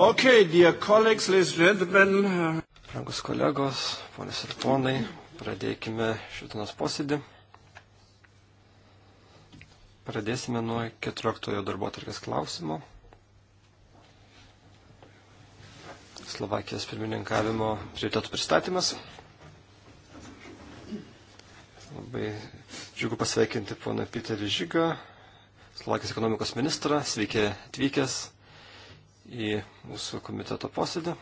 Okay, dear colleagues, ladies and gentlemen. Uh, Rangus kolegos, ponės ir ponai, pradėkime šitinos posėdį. Pradėsime nuo 14 darbo tarkės klausimo. Slovakijos pirmininkavimo prioritėtų pristatymas. Labai džiugu pasveikinti poną Piterį Žygą, Slovakijos ekonomikos ministrą. Sveiki atvykęs į mūsų komiteto posėdį.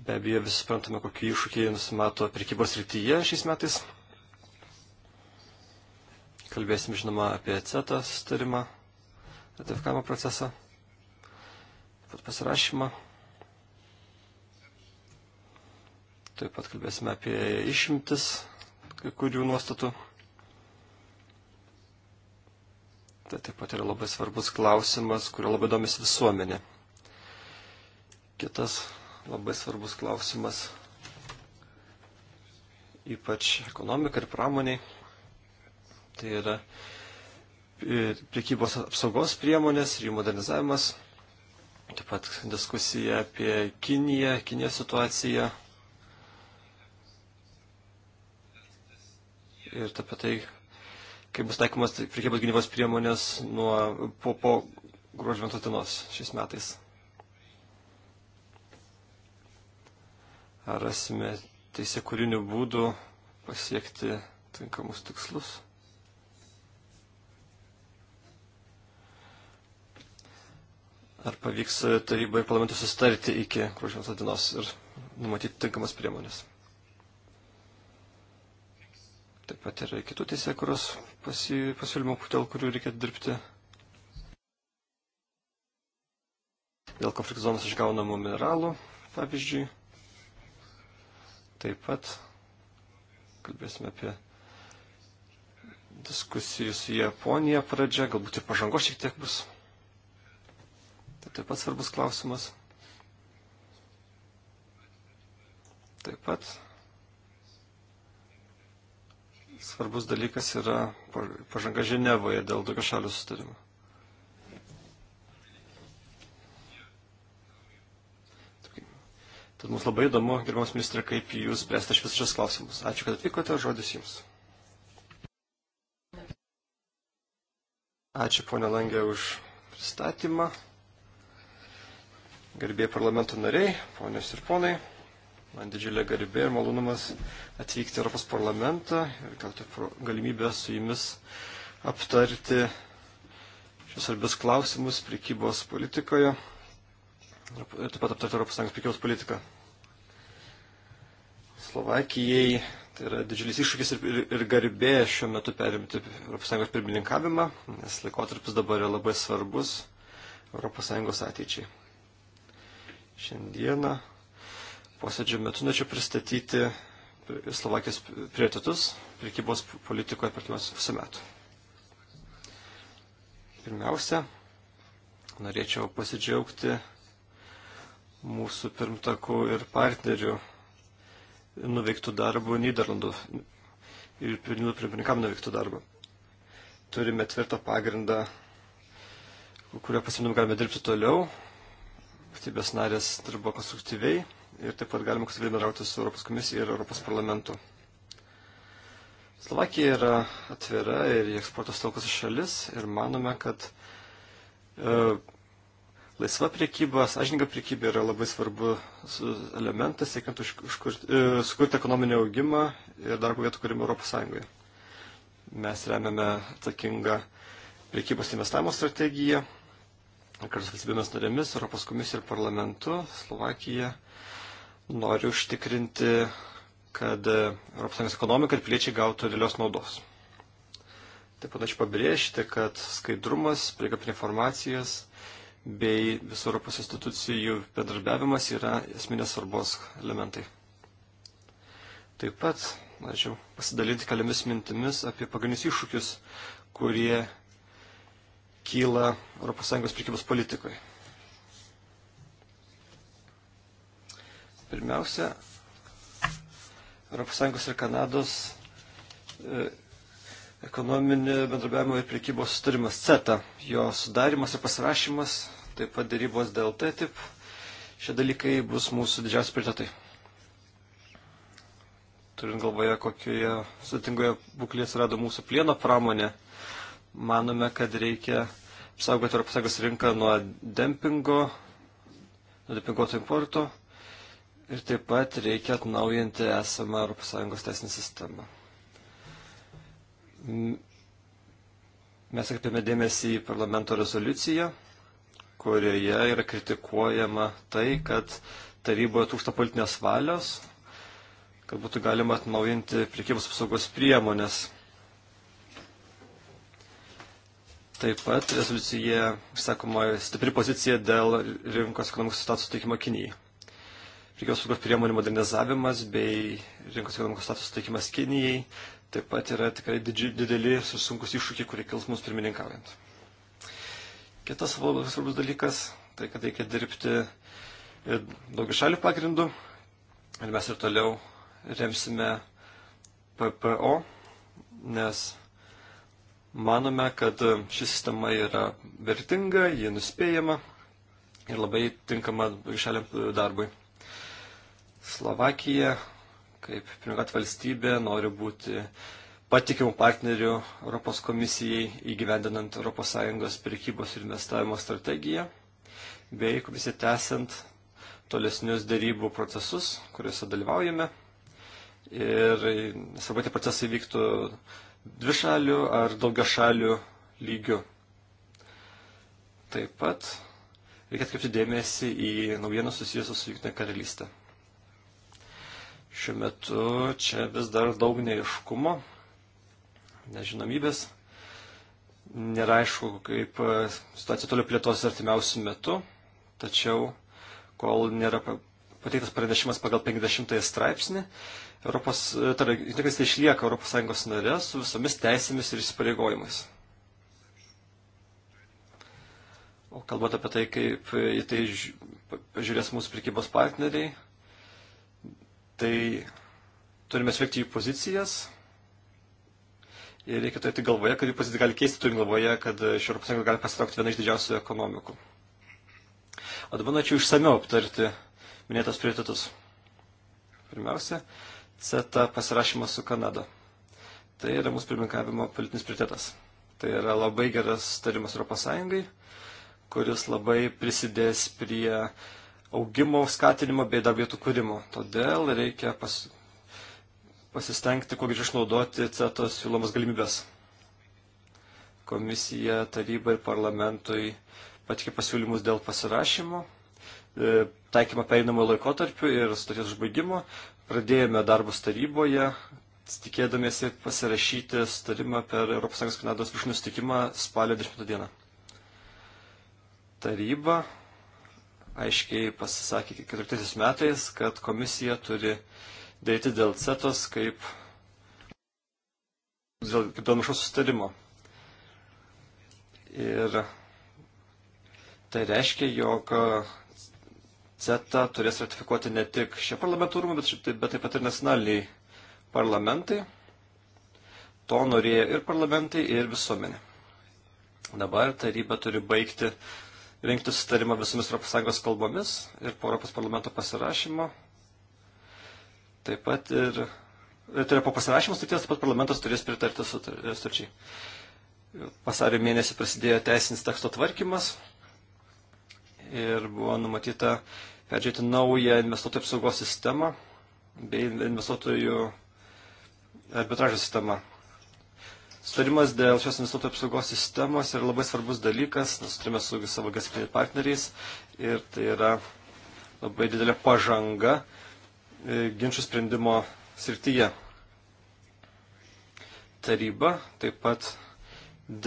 Be abejo, visi suprantame, kokie iššūkiai nusimato prekybos rytyje šiais metais. Kalbėsim, žinoma, apie CETA sustarimą, ratifikavimo procesą, pat pasirašymą. Taip pat kalbėsime apie išimtis kai kurių nuostatų. Tai taip pat yra labai svarbus klausimas, kurio labai domisi visuomenė. Kitas labai svarbus klausimas, ypač ekonomikai ir pramoniai, tai yra e, priekybos apsaugos priemonės ir jų modernizavimas, taip pat diskusija apie Kiniją, Kinijos situaciją ir apie tai, kai bus taikomas priekybos gynybos priemonės nuo, po, po gruodžio 11 dienos šiais metais. Ar rasime teisėkūrinių būdų pasiekti tinkamus tikslus? Ar pavyks tarybai parlamentui sustarti iki gruodžio 11 dienos ir numatyti tinkamas priemonės? Taip pat yra kitų teisėkuros pasi, pasiūlymų, dėl kurių reikia dirbti. Dėl konfliktų zonos išgaunamų mineralų, pavyzdžiui. Taip pat kalbėsime apie diskusijų su Japonija pradžia, galbūt ir pažangos šiek tiek bus. Tai taip pat svarbus klausimas. Taip pat svarbus dalykas yra pažanga Ženevoje dėl tokio šalių sustarimo. Tad mums labai įdomu, gerbiamas ministrė, kaip jūs spręsite šis šias klausimus. Ačiū, kad atvykote, žodis jums. Ačiū, ponė Langė, už pristatymą. Gerbėjai parlamento nariai, ponios ir ponai. Man didžiulė garbė ir malonumas atvykti į Europos parlamentą ir gauti galimybę su jumis aptarti šios svarbius klausimus prekybos politikoje ir taip pat aptarti Europos Sąjungos prekybos politiką. Slovakijai tai yra didžiulis iššūkis ir, ir, ir garbė šiuo metu perimti Europos Sąjungos pirmininkavimą, nes laikotarpis dabar yra labai svarbus Europos Sąjungos ateičiai. Šiandieną posėdžio metu norėčiau pristatyti Slovakijos prioritetus prekybos politikoje per kilos pusę metų. Pirmiausia, norėčiau pasidžiaugti mūsų pirmtakų ir partnerių nuveiktų darbų Niderlandų ir Niderlandų pirmininkam nuveiktų darbų. Turime tvirtą pagrindą, kurio pasimtum galime dirbti toliau. Valstybės narės dirbo konstruktyviai ir taip pat galima aktyviai bendrauti su Europos komisija ir Europos parlamentu. Slovakija yra atvira ir eksportas taukas šalis ir manome, kad e, laisva priekyba, sąžininga priekyba yra labai svarbu elementas, siekiant e, sukurti ekonominį augimą ir darbo vietų kūrimą Europos Sąjungoje. Mes remiame atsakingą priekybos investavimo strategiją, kartu su valstybėmis narėmis, Europos komisija ir parlamentu, Slovakija nori užtikrinti, kad ES ekonomika ir piliečiai gautų dėlios naudos. Taip pat aš pabrėžti, kad skaidrumas, prieiga prie informacijos bei visų Europos institucijų bendradarbiavimas yra esminės svarbos elementai. Taip pat norėčiau pasidalinti keliomis mintimis apie pagrindinius iššūkius, kurie kyla ES prekybos politikoje. Pirmiausia, ES ir Kanados e, ekonominio bendrabiavimo ir priekybos sutarimas CETA, jo sudarimas ir pasirašymas, taip pat dėrybos dėl TTIP, šie dalykai bus mūsų didžiausi prioritetai. Turint galvoje, kokioje sutingoje būklėje atsirado mūsų plieno pramonė, manome, kad reikia apsaugoti ES rinką nuo dempingo, nuo dempinguoto importo Ir taip pat reikia atnaujinti esamą ES teisinę sistemą. Mes atkreipėme dėmesį į parlamento rezoliuciją, kurioje yra kritikuojama tai, kad taryboje trūksta politinės valios, kad būtų galima atnaujinti priekybos apsaugos priemonės. Taip pat rezoliucija, sakoma, stipri pozicija dėl rinkos ekonomikos situacijos teikimo Kinijai. Reikės saugos priemonių modernizavimas bei rinkos ekonomikos status suteikimas Kinijai taip pat yra tikrai didži, dideli ir sunkus iššūkiai, kurie kils mums pirmininkaujant. Kitas labai svarbus dalykas - tai, kad reikia dirbti daugia šalių pagrindų ir mes ir toliau remsime PPO, nes manome, kad ši sistema yra vertinga, ji nuspėjama ir labai tinkama šaliam darbui. Slovakija, kaip pirmininkat valstybė, nori būti patikimų partnerių Europos komisijai įgyvendinant ES prekybos ir investavimo strategiją, bei komisija tęsiant tolesnius dėrybų procesus, kuriuose dalyvaujame. Ir svarbu, tie procesai vyktų dvi šalių ar daugia šalių lygių. Taip pat reikia atkreipti dėmesį į naujieną susijusią su Junktinė karalystė. Šiuo metu čia vis dar daug neiškumo, nežinomybės. Nėra aišku, kaip e, situacija toliau plėtos artimiausių metų, tačiau kol nėra pateiktas pranešimas pagal 50 straipsnį, Europos, tai išlieka ES narė su visomis teisėmis ir įsipareigojimais. O kalbant apie tai, kaip į tai žiūrės mūsų prikybos partneriai, tai turime sveikti jų pozicijas ir reikia turėti galvoje, kad jų pozicija gali keisti, turime galvoje, kad iš Europos Sąjungos gali pasitraukti viena iš didžiausių ekonomikų. O dabar norėčiau išsameu aptarti minėtos prioritetus. Pirmiausia, CETA pasirašymas su Kanada. Tai yra mūsų pirmininkavimo politinis prioritetas. Tai yra labai geras tarimas Europos Sąjungai, kuris labai prisidės prie uh, augimo skatinimo bei darbėtų kūrimo. Todėl reikia pas, pasistengti, kuo greičiau išnaudoti CETOS siūlomas galimybės. Komisija, taryba ir parlamentui patikė pasiūlymus dėl pasirašymo, e, taikymą pereinamo laikotarpiu ir stoties užbaigimo. Pradėjome darbus taryboje, tikėdamiesi pasirašyti sutarimą per ES Kanados viršūnių sutikimą spalio 10 dieną. Taryba aiškiai pasisakė 14 metais, kad komisija turi daryti dėl CETOS kaip dėl, kaip dėl miško sustarimo. Ir tai reiškia, jog CETA turės ratifikuoti ne tik šie parlamentų rūmai, bet, tai, bet taip pat ir nacionaliniai parlamentai. To norėjo ir parlamentai, ir visuomenė. Dabar taryba turi baigti rinkti sutarimą visomis ES kalbomis ir po Europos parlamento pasirašymo. Taip pat ir, tai yra po pasirašymo sutarties, taip pat parlamentas turės pritarti sutarčiai. Vasario mėnesį prasidėjo teisinis teksto tvarkymas ir buvo numatyta peržiūrėti naują investuotojų apsaugos sistemą bei investuotojų arbitražo sistemą. Sutarimas dėl šios investuotojų apsaugos sistemos yra labai svarbus dalykas, nes turime su savo gaspiniais partneriais ir tai yra labai didelė pažanga e, ginčių sprendimo srityje. Taryba taip pat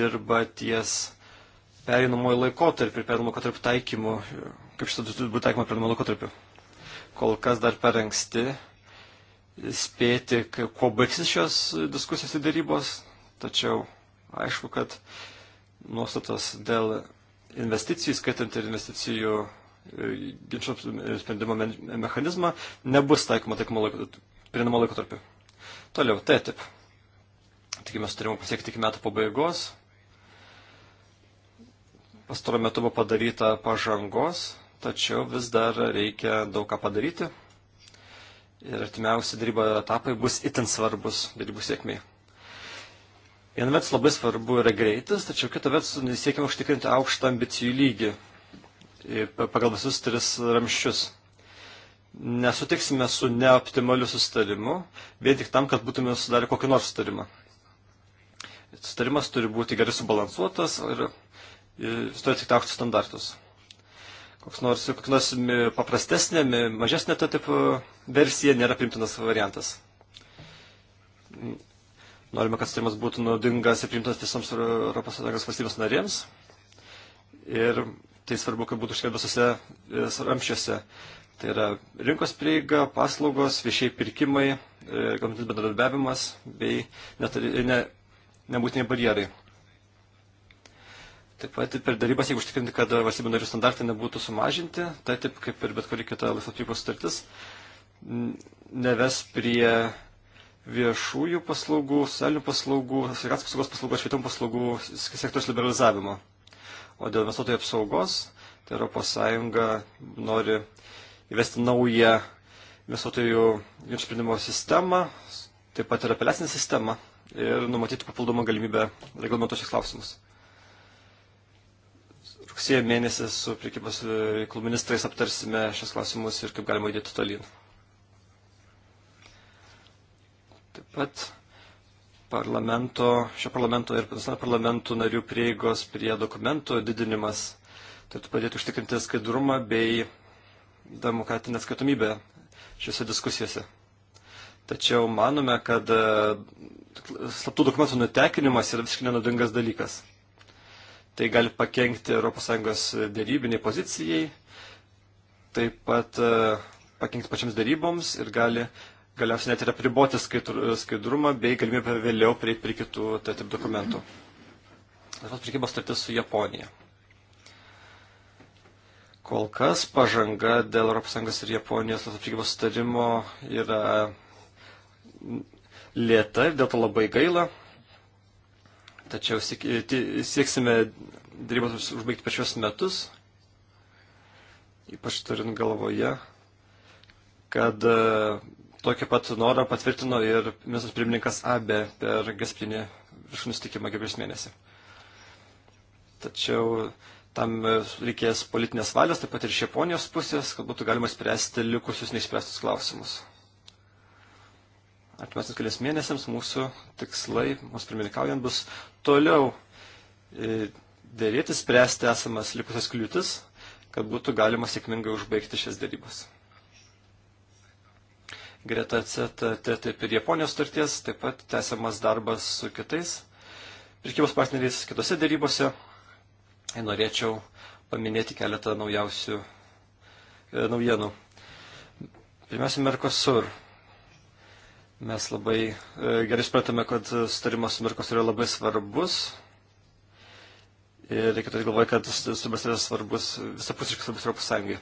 dirba ties perinamojo laikotarpį ir perinamojo laikotarpio taikymu, kaip šitą turi būti taikoma perinamojo laikotarpiu. Kol kas dar per anksti spėti, kuo baigsis šios diskusijos ir darybos, tačiau aišku, kad nuostatos dėl investicijų, skaitant ir investicijų e, ginčio sprendimo mechanizmą, nebus taikoma prieinamo laiko tarpiu. Toliau, tai taip. Tikime, turime pasiekti iki metų pabaigos. Pastaruo metu buvo padaryta pažangos, tačiau vis dar reikia daug ką padaryti. Ir artimiausi darybo etapai bus itin svarbus darybų sėkmiai. Viena vertus labai svarbu yra greitis, tačiau kita vertus siekiam užtikrinti aukštą ambicijų lygį pagal visus tris ramščius. Nesutiksime su neoptimaliu sustarimu, vien tik tam, kad būtume sudarę kokį nors sustarimą. Sustarimas turi būti gerai subalansuotas ir, ir turi tik aukštus standartus koks nors, koks nors paprastesnė, mažesnė to tipo versija nėra primtinas variantas. Norime, kad sutarimas būtų naudingas ir priimtas visoms ES valstybės narėms. Ir tai svarbu, kad būtų užkėlė visose e, ramščiuose. Tai yra rinkos prieiga, paslaugos, viešiai pirkimai, e, gamtinis bendradarbiavimas bei netari, ne, nebūtiniai barjerai. Taip pat per darybas, jeigu užtikrinti, kad valstybių narių standartai nebūtų sumažinti, tai taip kaip ir bet kuri kita laisvos priekos sutartis, neves prie viešųjų paslaugų, socialinių paslaugų, sveikatos apsaugos paslaugų, švietimo paslaugų sektoriaus liberalizavimo. O dėl investuotojų apsaugos, tai ES nori įvesti naują investuotojų sprendimo sistemą, taip pat ir apeliacinę sistemą ir numatyti papildomą galimybę reglamentuoti šis klausimus. Rugsėjo mėnesį su priekybos reikalų ministrais aptarsime šios klausimus ir kaip galima judėti tolyn. Taip pat parlamento, šio parlamento ir parlamentų narių prieigos prie dokumentų didinimas turėtų padėti užtikrinti skaidrumą bei demokratinę atskaitomybę šiuose diskusijose. Tačiau manome, kad e, slaptų dokumentų nutekinimas yra visiškai nenaudingas dalykas. Tai gali pakengti ES dėrybiniai pozicijai, taip pat e, pakengti pačiams dėryboms ir gali galiausiai net ir apriboti skaidrumą bei galimybę vėliau prieiti prie kitų TTIP dokumentų. Taip pat prekybos startis su Japonija. Kol kas pažanga dėl ES ir Japonijos prekybos sutarimo yra lėta ir dėl to labai gaila. Tačiau sieksime dėrybos užbaigti per šios metus, ypač turint galvoje, kad Tokį pat norą patvirtino ir ministras pirmininkas AB per Gasprinį viršūnį sutikimą gegužės mėnesį. Tačiau tam reikės politinės valios, taip pat ir iš Japonijos pusės, kad būtų galima spręsti likusius neišspręstus klausimus. Artimiausiams kelias mėnesiams mūsų tikslai, mūsų pirmininkaujant, bus toliau e, dėrėti, spręsti esamas likusias kliūtis, kad būtų galima sėkmingai užbaigti šias dėrybas greta CETA, TTIP ir Japonijos starties, taip pat tęsiamas darbas su kitais pirkybos partneriais kitose dėrybose. Ir norėčiau paminėti keletą naujausių e, naujienų. Pirmiausia, Mercosur. Mes labai e, gerai suprantame, kad sutarimas su Mercosur yra labai svarbus. Ir reikia turėti galvoje, kad sutarimas yra svarbus, visapusiškai svarbus Europos Sąjungai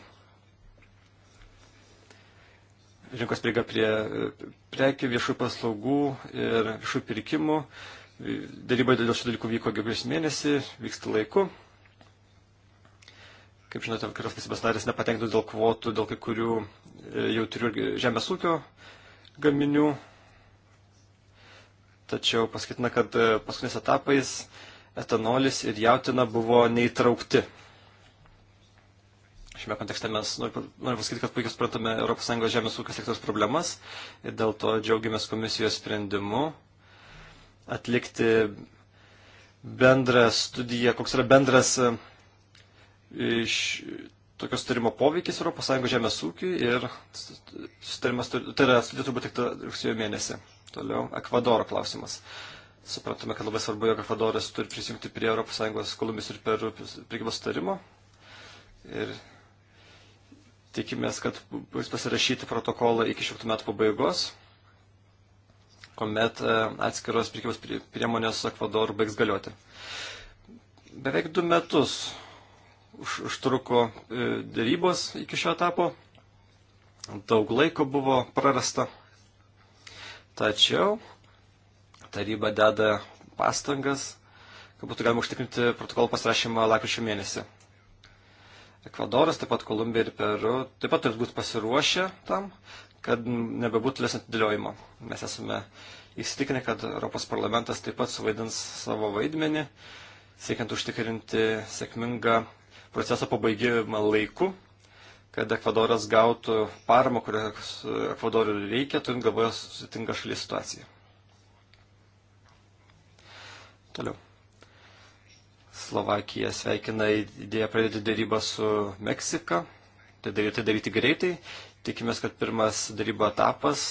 rinkos prieiga prie e, prekių, viešų paslaugų ir viešų pirkimų. E, Daryba dėl šių dalykų vyko gegužės mėnesį, vyksta laiku. Kaip žinote, kurios valstybės narės nepatenktų dėl kvotų, dėl kai kurių e, jautrių žemės ūkio gaminių. Tačiau pasakytina, kad paskutiniais etapais etanolis ir jautina buvo neįtraukti Šiame kontekste mes noriu pasakyti, kad puikiai suprantame ES žemės ūkio sektoriaus problemas ir dėl to džiaugiamės komisijos sprendimu atlikti bendrą studiją, koks yra bendras e, iš tokios tarimo poveikis ES žemės ūkiui ir sutarimas, tai yra studija turbūt tik rugsėjo mėnesį. Toliau, Ekvadoro klausimas. Suprantame, kad labai svarbu, jog Ekvadoras turi prisijungti prie ES Kolumbijos ir Perų prekybos sutarimo. Ir Tikimės, kad bus pasirašyti protokolą iki šių metų pabaigos, kuomet e, atskiros prikybos priemonės su Ekvadoru baigs galioti. Beveik du metus už, užtruko e, dėrybos iki šio etapo, daug laiko buvo prarasta, tačiau taryba deda pastangas, kad būtų galima užtikrinti protokolų pasirašymą lakryčio mėnesį. Ekvadoras, taip pat Kolumbija ir Peru taip pat turėtų būti pasiruošę tam, kad nebebūtų lėsnio atidėliojimo. Mes esame įsitikinę, kad Europos parlamentas taip pat suvaidins savo vaidmenį, siekiant užtikrinti sėkmingą proceso pabaigimą laiku, kad Ekvadoras gautų paramą, kurią Ekvadorui reikia, turint galvoje susitinka šalia situaciją. Toliau. Slovakija sveikina idėją pradėti darybą su Meksika. Tai daryti, tai daryti greitai. Tikimės, kad pirmas darybo etapas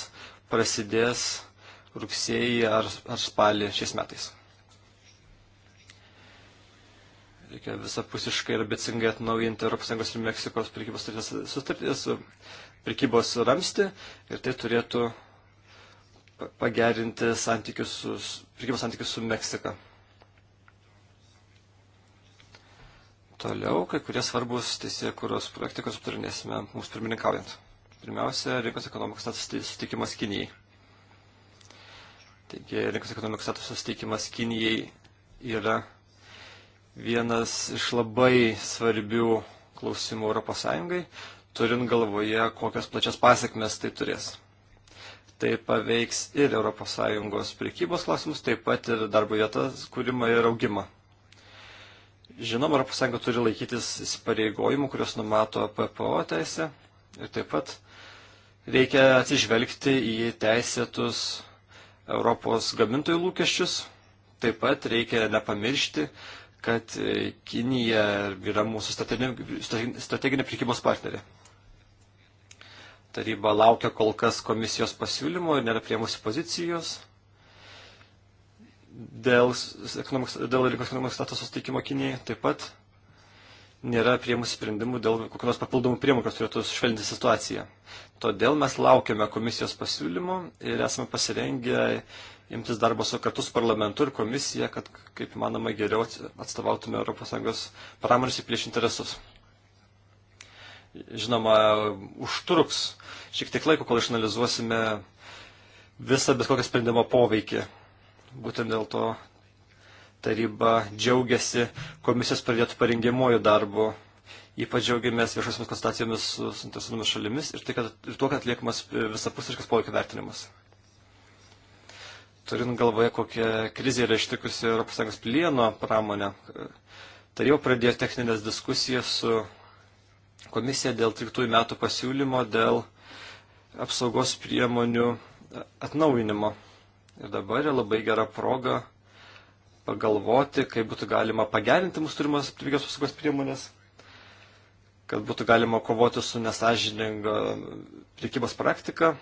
prasidės rugsėjį ar, ar spalį šiais metais. Reikia visapusiškai ir abecingai atnaujinti ES ir Meksikos prekybos sutartys, prekybos ramsti ir tai turėtų pagerinti santykius su, prekybos santykius su Meksika. Toliau kai kurie svarbus teisėjai, kurios praktikos aptarinėsime mums pirmininkaujant. Pirmiausia, rinkos ekonomikos statusas tai sutikimas Kinijai. Taigi, rinkos ekonomikos statusas sutikimas Kinijai yra vienas iš labai svarbių klausimų ES, turint galvoje, kokias plačias pasiekmes tai turės. Tai paveiks ir ES prekybos klausimus, taip pat ir darbo vietas kūrimą ir augimą. Žinoma, ES turi laikytis įsipareigojimų, kurios numato PPO teisė ir taip pat reikia atsižvelgti į teisėtus Europos gamintojų lūkesčius. Taip pat reikia nepamiršti, kad Kinija yra mūsų strateginė prekybos partnerė. Taryba laukia kol kas komisijos pasiūlymo ir nėra priemusi pozicijos dėl, dėl rinkos ekonomikos statuso suteikimo Kinijai taip pat nėra prieimusi sprendimų dėl kokių nors papildomų priemonių, kurios turėtų švelninti situaciją. Todėl mes laukiame komisijos pasiūlymų ir esame pasirengę imtis darbo su kartu su parlamentu ir komisija, kad kaip manoma geriau atstovautume ES pramonės ir prieš interesus. Žinoma, užtruks šiek tiek laiko, kol išanalizuosime visą bet kokią sprendimo poveikį Būtent dėl to taryba džiaugiasi komisijos pradėtų parengiamojų darbų. Ypač džiaugiamės viešosiamis konstatacijomis su suinteresuotomis šalimis ir, tai, kad, ir tuo, kad atliekamas e, visapusiškas poveikio vertinimas. Turint galvoje, kokia krizė yra ištikusi ES plieno pramonę, taryba pradėjo techninės diskusijas su komisija dėl 13 metų pasiūlymo dėl apsaugos priemonių atnaujinimo. Ir dabar yra labai gera proga pagalvoti, kaip būtų galima pagerinti mūsų turimas aptyvios apsaugos priemonės, kad būtų galima kovoti su nesažininga priekybos praktika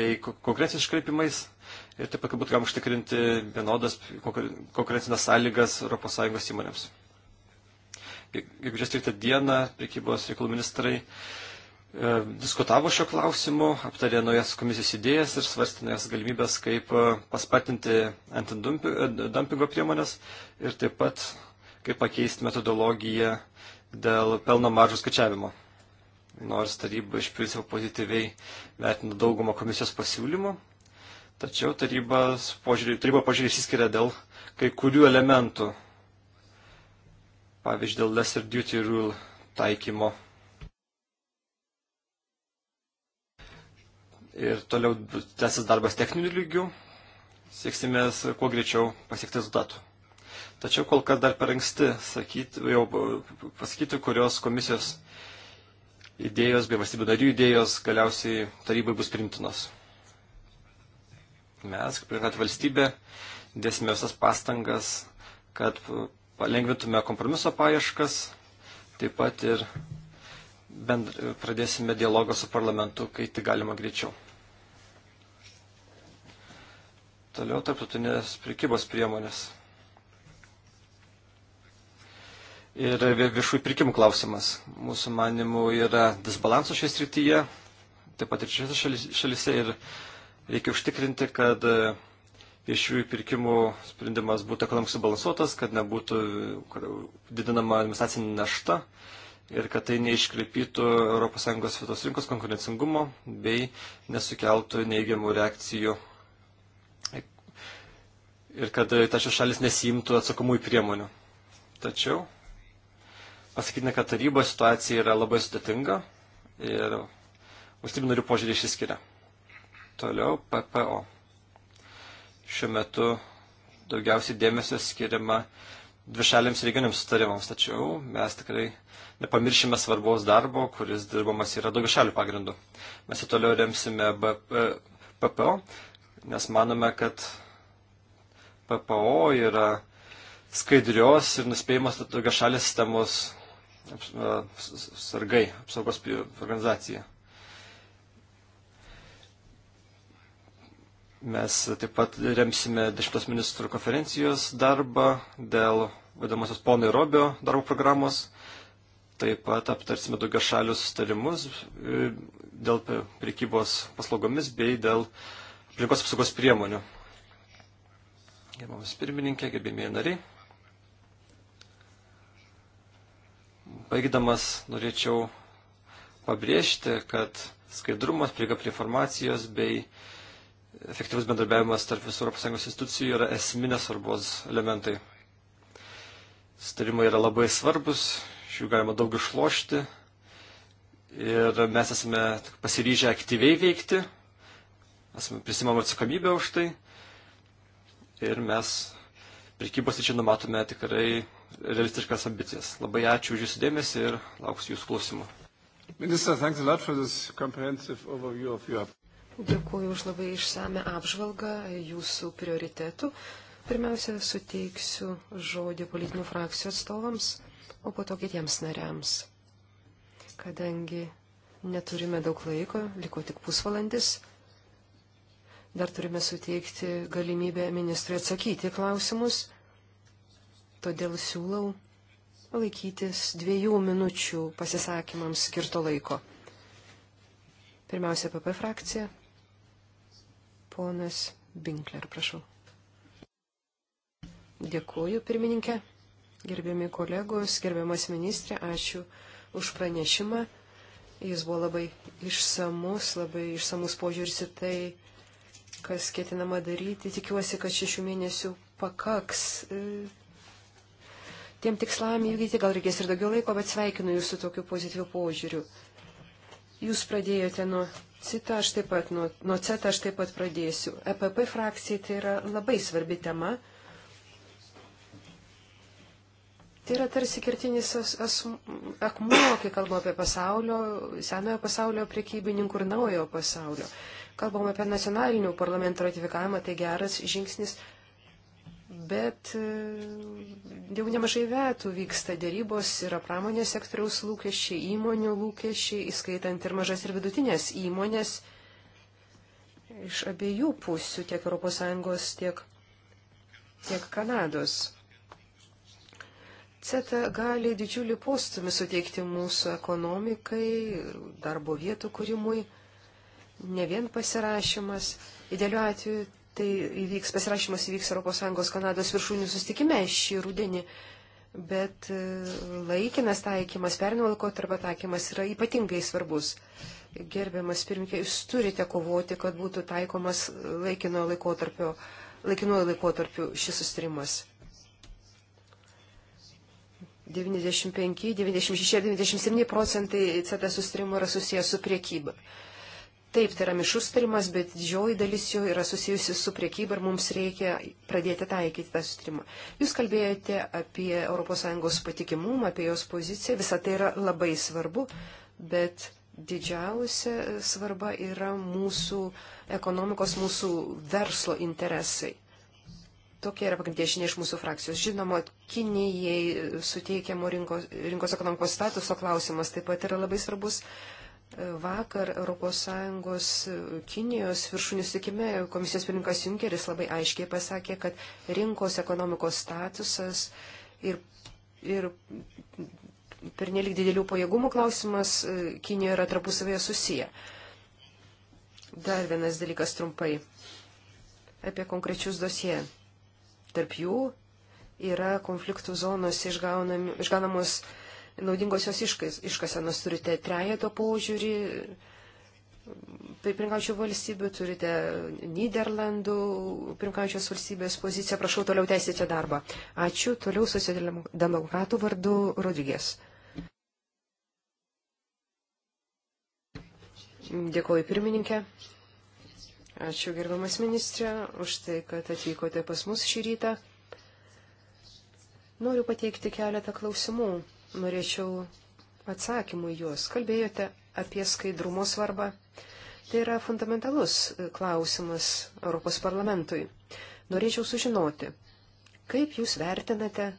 bei konkurencijos iškreipimais ir taip pat, kad būtų galima užtikrinti vienodas konkurencinės sąlygas ES įmonėms. Gegužės 3 dieną priekybos reikalų ministrai E, diskutavo šio klausimu, aptarė naujas komisijos idėjas ir svarstė naujas galimybės, kaip e, paspartinti antidumpingo e, priemonės ir taip pat kaip pakeisti metodologiją dėl pelno maržų skaičiavimo. Nors taryba iš principo pozityviai vertina daugumą komisijos pasiūlymų, tačiau tarybos požiūrį, taryba požiūrį išsiskiria dėl kai kurių elementų, pavyzdžiui, dėl lesser duty rule taikymo ir toliau tęsis darbas techninių lygių, sieksime kuo greičiau pasiekti rezultatų. Tačiau kol kas dar per anksti sakyti, jau pasakyti, kurios komisijos idėjos bei valstybių narių idėjos galiausiai tarybai bus primtinos. Mes, kaip ir net valstybė, dėsime visas pastangas, kad palengvintume kompromiso paieškas, taip pat ir bendra, pradėsime dialogą su parlamentu, kai tai galima greičiau. Toliau tarptautinės prikybos priemonės. Ir viešųjų pirkimų klausimas. Mūsų manimų yra disbalansų šioje srityje, taip pat ir šiose šalise. Ir reikia užtikrinti, kad e, viešųjų pirkimų sprendimas būtų ekonomiškai subalansuotas, kad nebūtų didinama administracinė našta ir kad tai neiškreipytų ES vietos rinkos konkurencingumo bei nesukeltų neigiamų reakcijų ir kad e, tačiau šalis nesijimtų atsakomųjų priemonių. Tačiau pasakytina, kad tarybos situacija yra labai sudėtinga ir valstybių narių požiūrį išsiskiria. Toliau PPO. Šiuo metu daugiausiai dėmesio skiriama dvišaliams regioniams sutarimams, tačiau mes tikrai nepamiršime svarbaus darbo, kuris dirbamas yra daugišalių pagrindų. Mes ir toliau remsime BPO, e, nes manome, kad PPO yra skaidrios ir nuspėjimas tokia šalės sistemos sargai, apsaugos organizacija. Mes taip pat remsime 10 ministrų konferencijos darbą dėl vadinamosios pono Irobio darbo programos. Taip pat aptarsime daugia šalių sustarimus e, dėl prekybos paslaugomis bei dėl aplinkos apsaugos priemonių. Gerbiamas pirmininkė, gerbėmėjai nariai. Baigdamas norėčiau pabrėžti, kad skaidrumas, prieiga prie informacijos bei efektyvus bendradarbiavimas tarp visų ES institucijų yra esminės svarbos elementai. Starimai yra labai svarbus, iš jų galima daug išlošti ir mes esame pasiryžę aktyviai veikti, esame prisimama atsakomybė už tai ir mes prekybos čia numatome tikrai realistiškas ambicijas. Labai ačiū už Jūsų dėmesį ir lauksiu Jūsų klausimų. Minister, thanks a lot for this comprehensive overview of Europe. Dėkuoju už labai išsame apžvalgą Jūsų prioritetų. Pirmiausia, suteiksiu žodį politinių frakcijų atstovams, o po to kitiems nariams. Kadangi neturime daug laiko, liko tik pusvalandis, Dar turime suteikti galimybę ministrui atsakyti klausimus. Todėl siūlau laikytis dviejų minučių pasisakymams skirto laiko. Pirmiausia, PP frakcija. Ponas Binkler, prašau. Dėkuoju, pirmininkė. Gerbiami kolegos, gerbiamas ministrė, ačiū už pranešimą. Jis buvo labai išsamus, labai išsamus požiūris į tai, kas ketinama daryti. Tikiuosi, kad šešių mėnesių pakaks e, tiem tikslam įvykdyti. Gal reikės ir daugiau laiko, bet sveikinu jūs su tokiu pozityviu požiūriu. Jūs pradėjote nuo CETA, aš taip pat, nuo, nuo CETA aš taip pat pradėsiu. EPP frakcijai tai yra labai svarbi tema. Tai yra tarsi kertinis akmuo, kai kalbame apie pasaulio, senojo pasaulio priekybininkų ir naujojo pasaulio. Kalbame apie nacionalinių parlamentų ratifikavimą, tai geras žingsnis, bet e, jau nemažai metų vyksta dėrybos, yra pramonės sektoriaus lūkesčiai, įmonių lūkesčiai, įskaitant ir mažas ir vidutinės įmonės iš abiejų pusių, tiek ES, tiek, tiek Kanados. CETA gali didžiulį postumį suteikti mūsų ekonomikai, darbo vietų kūrimui, ne vien pasirašymas. Idealiu atveju tai įvyks, pasirašymas įvyks ES Kanados viršūnių sustikime šį rudenį, bet e, laikinas taikymas, pernio laikotarpio taikymas yra ypatingai svarbus. Gerbiamas pirmininkė, jūs turite kovoti, kad būtų taikomas laikino laikotarpio, laikinuoju laikotarpiu šis sustarimas. 95, 96, 97 procentai CETA sustarimų yra susijęs su priekyba. Taip, tai yra mišus sustarimas, bet didžioji dalis jo yra susijusi su priekyba ir mums reikia pradėti taikyti tą sustarimą. Jūs kalbėjote apie ES patikimumą, apie jos poziciją, visa tai yra labai svarbu, bet didžiausia svarba yra mūsų ekonomikos, mūsų verslo interesai. Tokia yra pagrindinė žinia iš mūsų frakcijos. Žinoma, Kinijai suteikiamo rinkos, rinkos ekonomikos statuso klausimas taip pat yra labai svarbus. Vakar ES Kinijos viršūnių sutikime komisijos pirmininkas Junkeris labai aiškiai pasakė, kad rinkos ekonomikos statusas ir, ir pernelik didelių pajėgumų klausimas e, Kinijoje yra tarpusavėje susiję. Dar vienas dalykas trumpai apie konkrečius dosiją. Tarp jų yra konfliktų zonos išgaunamos naudingosios iškasenos. Turite trejato požiūrį, pirmkaučių valstybių, turite Niderlandų, pirmkaučios valstybės poziciją. Prašau, toliau teisėte darbą. Ačiū. Toliau socialdemokratų vardu Rodrygės. Dėkuoju pirmininkė. Ačiū gerbiamas ministrė už tai, kad atvykote pas mus šį rytą. Noriu pateikti keletą klausimų. Norėčiau atsakymų juos. Kalbėjote apie skaidrumo svarbą. Tai yra fundamentalus klausimas Europos parlamentui. Norėčiau sužinoti, kaip jūs vertinate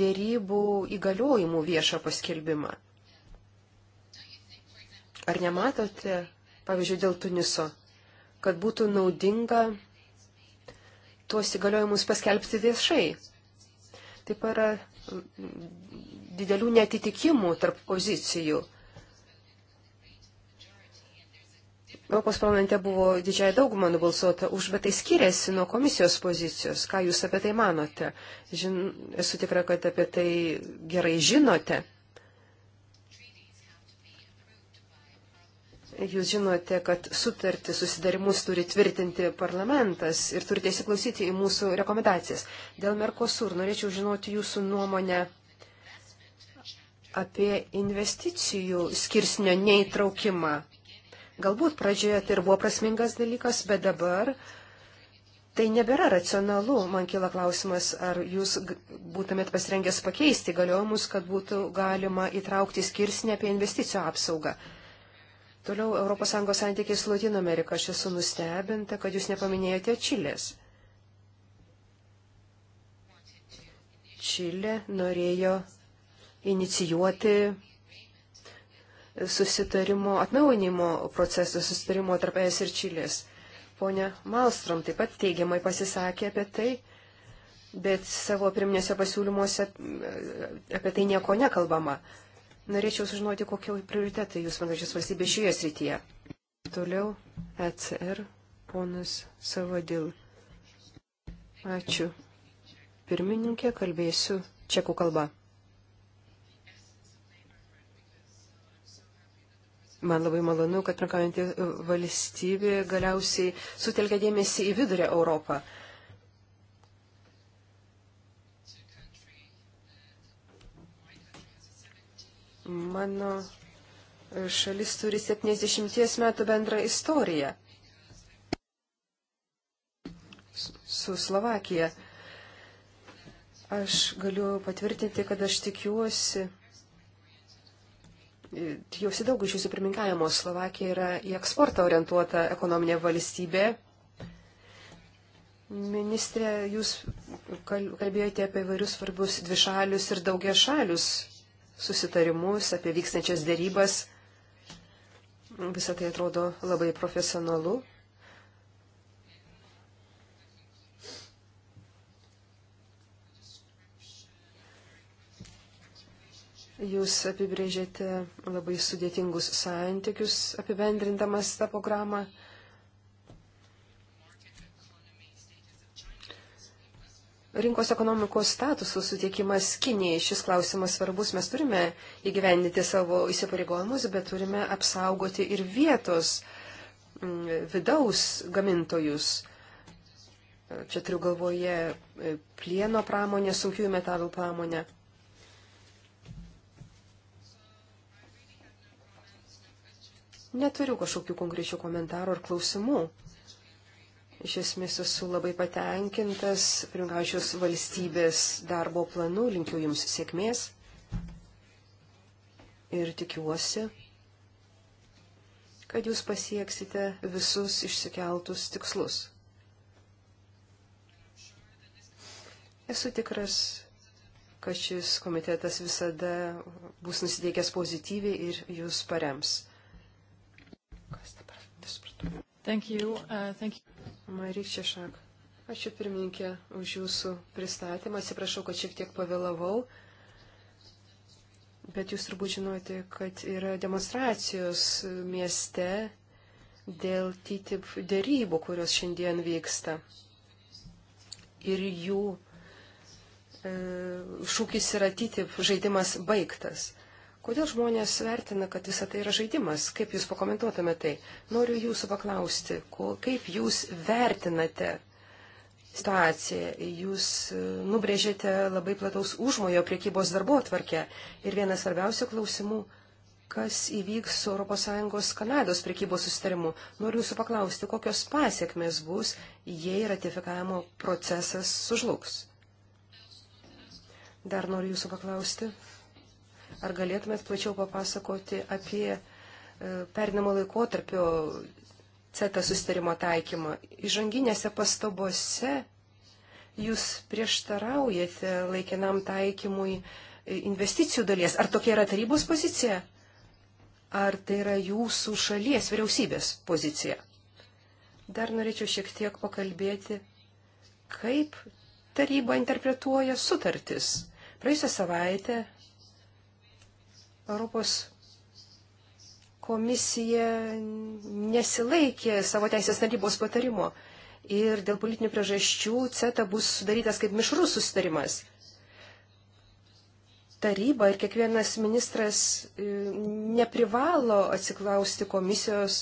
dėrybų įgaliojimų viešą paskelbimą. Ar nematote, pavyzdžiui, dėl Tuniso, kad būtų naudinga tuos įgaliojimus paskelbti viešai? Taip yra mm, didelių netitikimų tarp pozicijų. Europos parlamente buvo didžiai dauguma nubalsuota už, bet tai skiriasi nuo komisijos pozicijos. Ką Jūs apie tai manote? Žin, esu tikra, kad apie tai gerai žinote. Jūs žinote, kad sutartį susidarimus turi tvirtinti parlamentas ir turite įsiklausyti į mūsų rekomendacijas. Dėl Merkosur norėčiau žinoti jūsų nuomonę apie investicijų skirsnio neįtraukimą. Galbūt pradžioje tai ir buvo prasmingas dalykas, bet dabar tai nebėra racionalu. Man kila klausimas, ar jūs būtumėt pasirengęs pakeisti galiojimus, kad būtų galima įtraukti skirsnį apie investicijų apsaugą. Toliau ES santykiai su Latino Amerika. Aš esu nustebinta, kad jūs nepaminėjote Čilės. Čilė norėjo inicijuoti susitarimo, atnaujinimo procesą susitarimo tarp ES ir Čilės. Pone Malstrom taip pat teigiamai pasisakė apie tai, bet savo pirminėse pasiūlymuose apie tai nieko nekalbama. Norėčiau sužinoti, kokie prioritetai jūs panašios valstybės šioje srityje. Toliau ECR ponas Savadil. Ačiū. Pirmininkė, kalbėsiu čekų kalba. Man labai malonu, kad prakaujantį valstybė galiausiai sutelkia dėmesį į vidurę Europą. Mano šalis turi 70 metų bendrą istoriją su Slovakija. Aš galiu patvirtinti, kad aš tikiuosi, tikiuosi daug iš jūsų pirmininkavimo. Slovakija yra į eksportą orientuota ekonominė valstybė. Ministrė, jūs kalbėjote apie vairius svarbius dvišalius ir daugia šalius susitarimus, apie vykstančias dėrybas. Visą tai atrodo labai profesionalu. Jūs apibrėžėte labai sudėtingus santykius, apibendrindamas tą programą. rinkos ekonomikos statusų suteikimas Kinijai. Šis klausimas svarbus. Mes turime įgyvendinti savo įsipareigojimus, bet turime apsaugoti ir vietos mm, vidaus gamintojus. Čia turiu galvoje e, plieno pramonę, sunkiųjų metalų pramonę. Neturiu kažkokių konkrečių komentarų ar klausimų. Iš esmės esu labai patenkintas pirmgaučios valstybės darbo planu, linkiu Jums sėkmės ir tikiuosi, kad Jūs pasieksite visus išsikeltus tikslus. Esu tikras, kad šis komitetas visada bus nusiteikęs pozityviai ir Jūs parems. Thank you. Uh, thank you. Marija Šešak. Ačiū pirmininkė už jūsų pristatymą. Atsiprašau, kad šiek tiek pavėlavau. Bet jūs turbūt žinote, kad yra demonstracijos mieste dėl TTIP dėrybų, kurios šiandien vyksta. Ir jų e, šūkis yra TTIP žaidimas baigtas. Kodėl žmonės vertina, kad visa tai yra žaidimas? Kaip Jūs pakomentuotume tai? Noriu Jūsų paklausti, ko, kaip Jūs vertinate situaciją? Jūs e, nubrėžėte labai plataus užmojo priekybos darbo atvarkę ir vienas svarbiausių klausimų kas įvyks su ES Kanados priekybos sustarimu. Noriu Jūsų paklausti, kokios pasiekmes bus, jei ratifikavimo procesas sužlugs. Dar noriu Jūsų paklausti, Ar galėtumėt plačiau papasakoti apie e, perinamo laikotarpio CETA sustarimo taikymą? Įžanginėse pastabose jūs prieštaraujate laikinam taikymui e, investicijų dalies. Ar tokia yra tarybos pozicija? Ar tai yra jūsų šalies vyriausybės pozicija? Dar norėčiau šiek tiek pakalbėti, kaip taryba interpretuoja sutartis. Praėjusią savaitę Europos komisija nesilaikė savo teisės tarybos patarimo ir dėl politinių priežasčių CETA bus sudarytas kaip mišrus susitarimas. Taryba ir kiekvienas ministras e, neprivalo atsiklausti komisijos,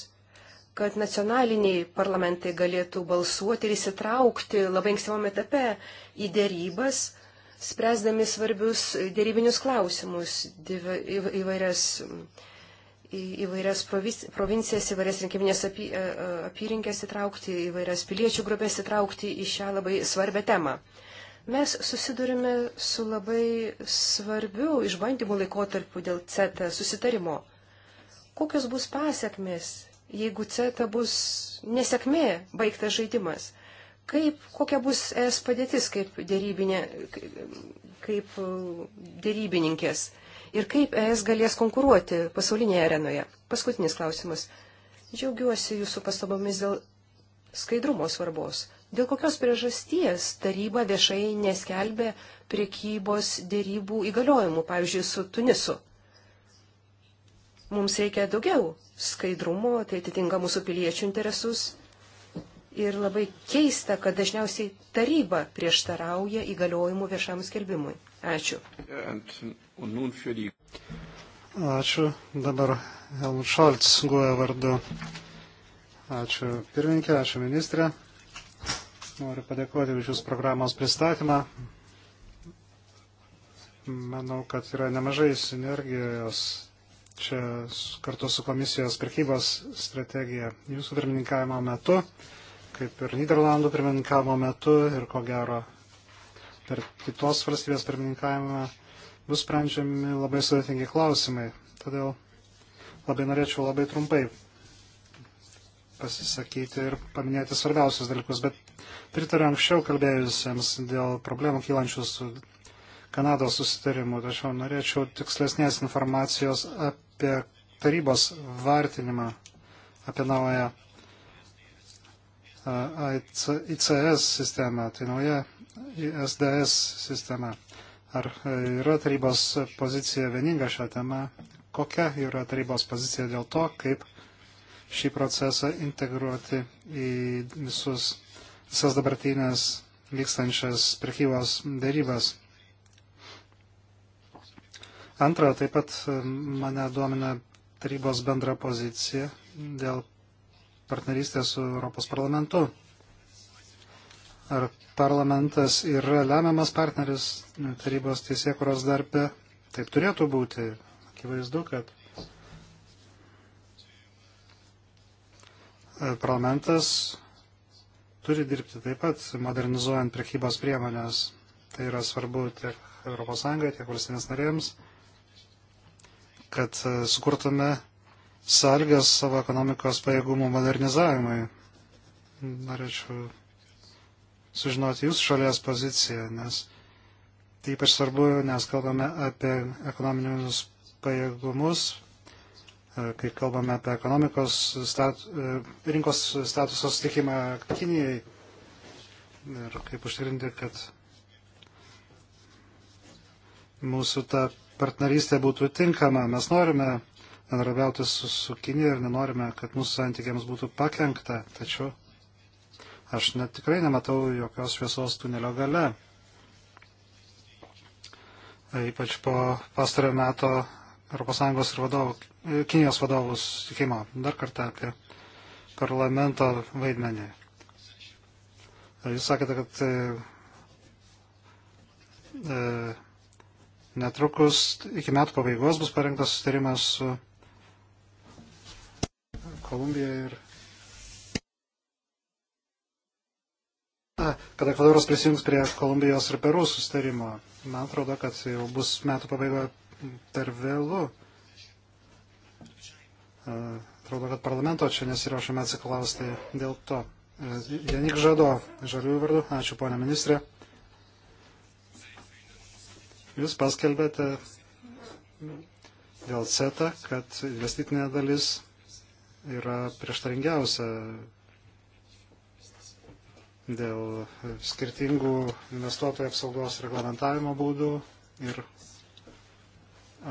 kad nacionaliniai parlamentai galėtų balsuoti ir įsitraukti labai ankstyvame etape į dėrybas spręsdami svarbius dėrybinius klausimus, įvairias, įvairias provincijas, įvairias rinkiminės apy, apylinkės įtraukti, įvairias piliečių grupės įtraukti į šią labai svarbę temą. Mes susidurime su labai svarbiu išbandymų laikotarpiu dėl CETA susitarimo. Kokios bus pasiekmes, jeigu CETA bus nesėkmė, baigtas žaidimas? Kaip, kokia bus es padėtis kaip, dėrybinė, kaip e, dėrybininkės ir kaip es galės konkuruoti pasaulinėje arenoje? Paskutinis klausimas. Džiaugiuosi jūsų pastabomis dėl skaidrumo svarbos. Dėl kokios priežasties taryba viešai neskelbė priekybos dėrybų įgaliojimų, pavyzdžiui, su Tunisu? Mums reikia daugiau skaidrumo, tai atitinka mūsų piliečių interesus. Ir labai keista, kad dažniausiai taryba prieštarauja įgaliojimų viešam skelbimui. Ačiū. Ačiū. Dabar Helmut Šolts guoja e vardu. Ačiū pirmininkė, ačiū ministrė. Noriu padėkoti už Jūsų programos pristatymą. Manau, kad yra nemažai sinergijos čia kartu su komisijos prekybos strategija jūsų pirmininkavimo metu kaip ir Niderlandų pirmininkavimo metu ir ko gero per kitos valstybės pirmininkavimą bus sprendžiami labai sudėtingi klausimai. Todėl labai norėčiau labai trumpai pasisakyti ir paminėti svarbiausius dalykus, bet pritariu anksčiau kalbėjusiems dėl problemų kylančių su Kanados susitarimu, tačiau norėčiau tikslesnės informacijos apie tarybos vartinimą, apie naują ICS sistemą, tai nauja SDS sistema. Ar e, yra tarybos pozicija vieninga šią temą? Kokia yra tarybos pozicija dėl to, kaip šį procesą integruoti į visus, visas dabartinės vykstančias prekybos dėrybas? Antra, taip pat e, mane duomina tarybos bendra pozicija dėl partnerystę su Europos parlamentu. Ar parlamentas yra lemiamas partneris tarybos teisėkuros darbe? Taip turėtų būti. Akivaizdu, kad parlamentas turi dirbti taip pat modernizuojant prekybos priemonės. Tai yra svarbu tiek ES, tiek valstybės narėms, kad sukurtume sąlygas savo ekonomikos pajėgumų modernizavimui. Norėčiau sužinoti jūsų šalies poziciją, nes tai ypač svarbu, nes kalbame apie ekonominius pajėgumus, e, kai kalbame apie ekonomikos stat, e, rinkos statuso sutikimą Kinijai ir kaip užtikrinti, kad mūsų ta partnerystė būtų tinkama. Mes norime bendrabiauti su, su Kinija ir nenorime, kad mūsų santykiams būtų pakengta, tačiau aš net tikrai nematau jokios šviesos tunelio gale. E, ypač po pastarojo meto ES ir vadovų, e, Kinijos vadovų susitikimo. Dar kartą apie parlamento vaidmenį. E, jūs sakėte, kad e, netrukus iki metų pabaigos bus parengtas sustarimas su Kolumbija ir. A, kad Ekvadoras prisijungs prie Kolumbijos ir Perų sustarimo. Man atrodo, kad jau bus metų pabaiga per vėlų. Atrodo, kad parlamento čia nesiruošame atsiklausti dėl to. Janik Žado, žaliųjų vardu. Ačiū, ponė ministrė. Jūs paskelbėte dėl CETA, kad investitinė dalis yra prieštaringiausia dėl skirtingų investuotojų apsaugos reglamentavimo būdų ir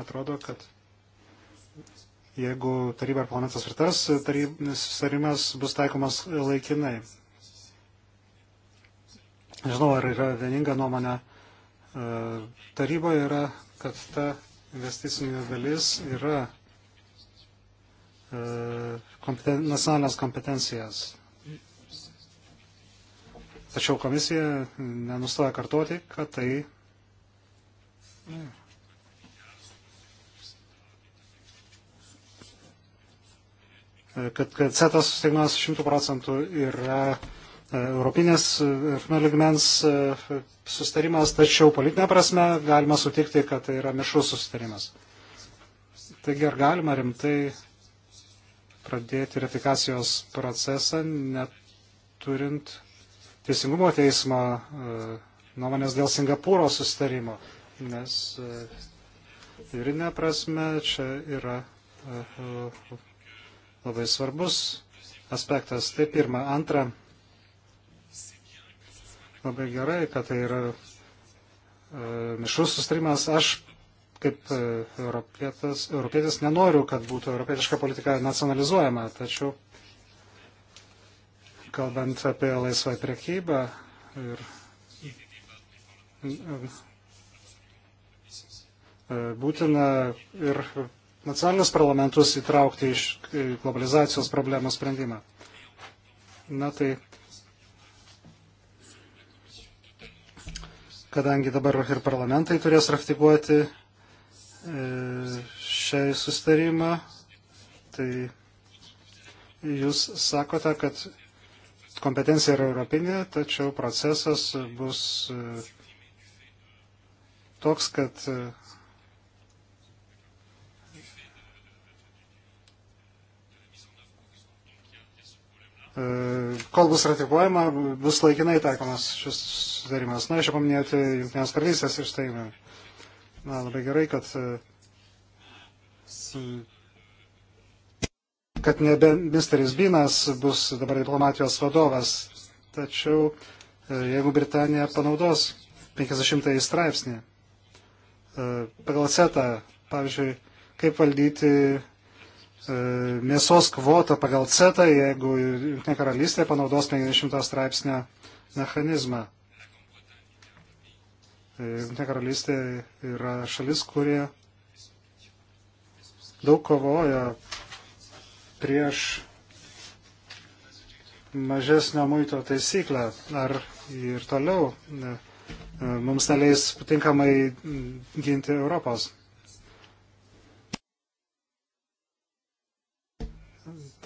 atrodo, kad jeigu taryba ir planetas pritars, susitarimas bus taikomas laikinai. Nežinau, ar yra vieninga nuomonė e, taryboje yra, kad ta investicinė dalis yra kompeten, nacionalinės kompetencijas. Tačiau komisija nenustoja kartoti, kad tai ne, kad, kad setas susitarimas 100 procentų yra e, europinės e, ligmens e, susitarimas, tačiau politinė prasme galima sutikti, kad tai yra mišrus susitarimas. Taigi ar galima rimtai pradėti ratifikacijos procesą, neturint Teisingumo teismo e, nuomonės dėl Singapūro sustarimo, nes e, juridinė prasme čia yra e, labai svarbus aspektas. Tai pirma. Antra, labai gerai, kad tai yra mišrus sustarimas. Aš kaip e, europietis, europietis nenoriu, kad būtų europietiška politika nacionalizuojama, tačiau kalbant apie laisvą priekybą ir e, būtina ir nacionalinius parlamentus įtraukti iš globalizacijos problemos sprendimą. Na tai, kadangi dabar ir parlamentai turės raftikuoti šiai sustarimą, tai jūs sakote, kad kompetencija yra europinė, tačiau procesas bus e, toks, kad e, kol bus ratifikuojama, bus laikinai taikomas šis sudarimas. Na, aš jau paminėjau Junktinės karalystės išstojimą. Na, labai gerai, kad, e, kad nebe misteris Binas bus dabar diplomatijos vadovas, tačiau e, jeigu Britanija panaudos 50 straipsnį e, pagal setą, pavyzdžiui, kaip valdyti mėsos kvotą pagal CETA, jeigu Junktinė karalystė panaudos 50 straipsnio mechanizmą. Jungtinė karalystė yra šalis, kurie daug kovoja prieš mažesnio muito taisyklę. Ar ir toliau ne, e, mums neleis tinkamai ginti Europos?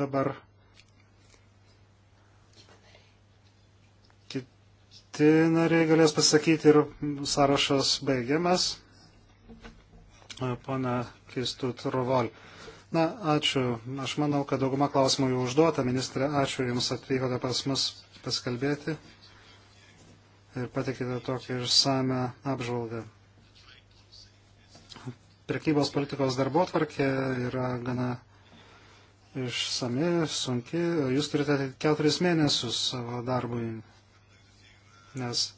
Dabar kiti nariai galės pasakyti ir sąrašas baigiamas. E, pone Kistut Rovol. Na, ačiū. Aš manau, kad dauguma klausimų jau užduota. Ministrė, ačiū Jums atvykote pas mus paskalbėti ir patikite tokį išsame apžvalgą. Prekybos politikos darbo tvarkė yra gana išsami, sunki. Jūs turite keturis mėnesius savo darbui nes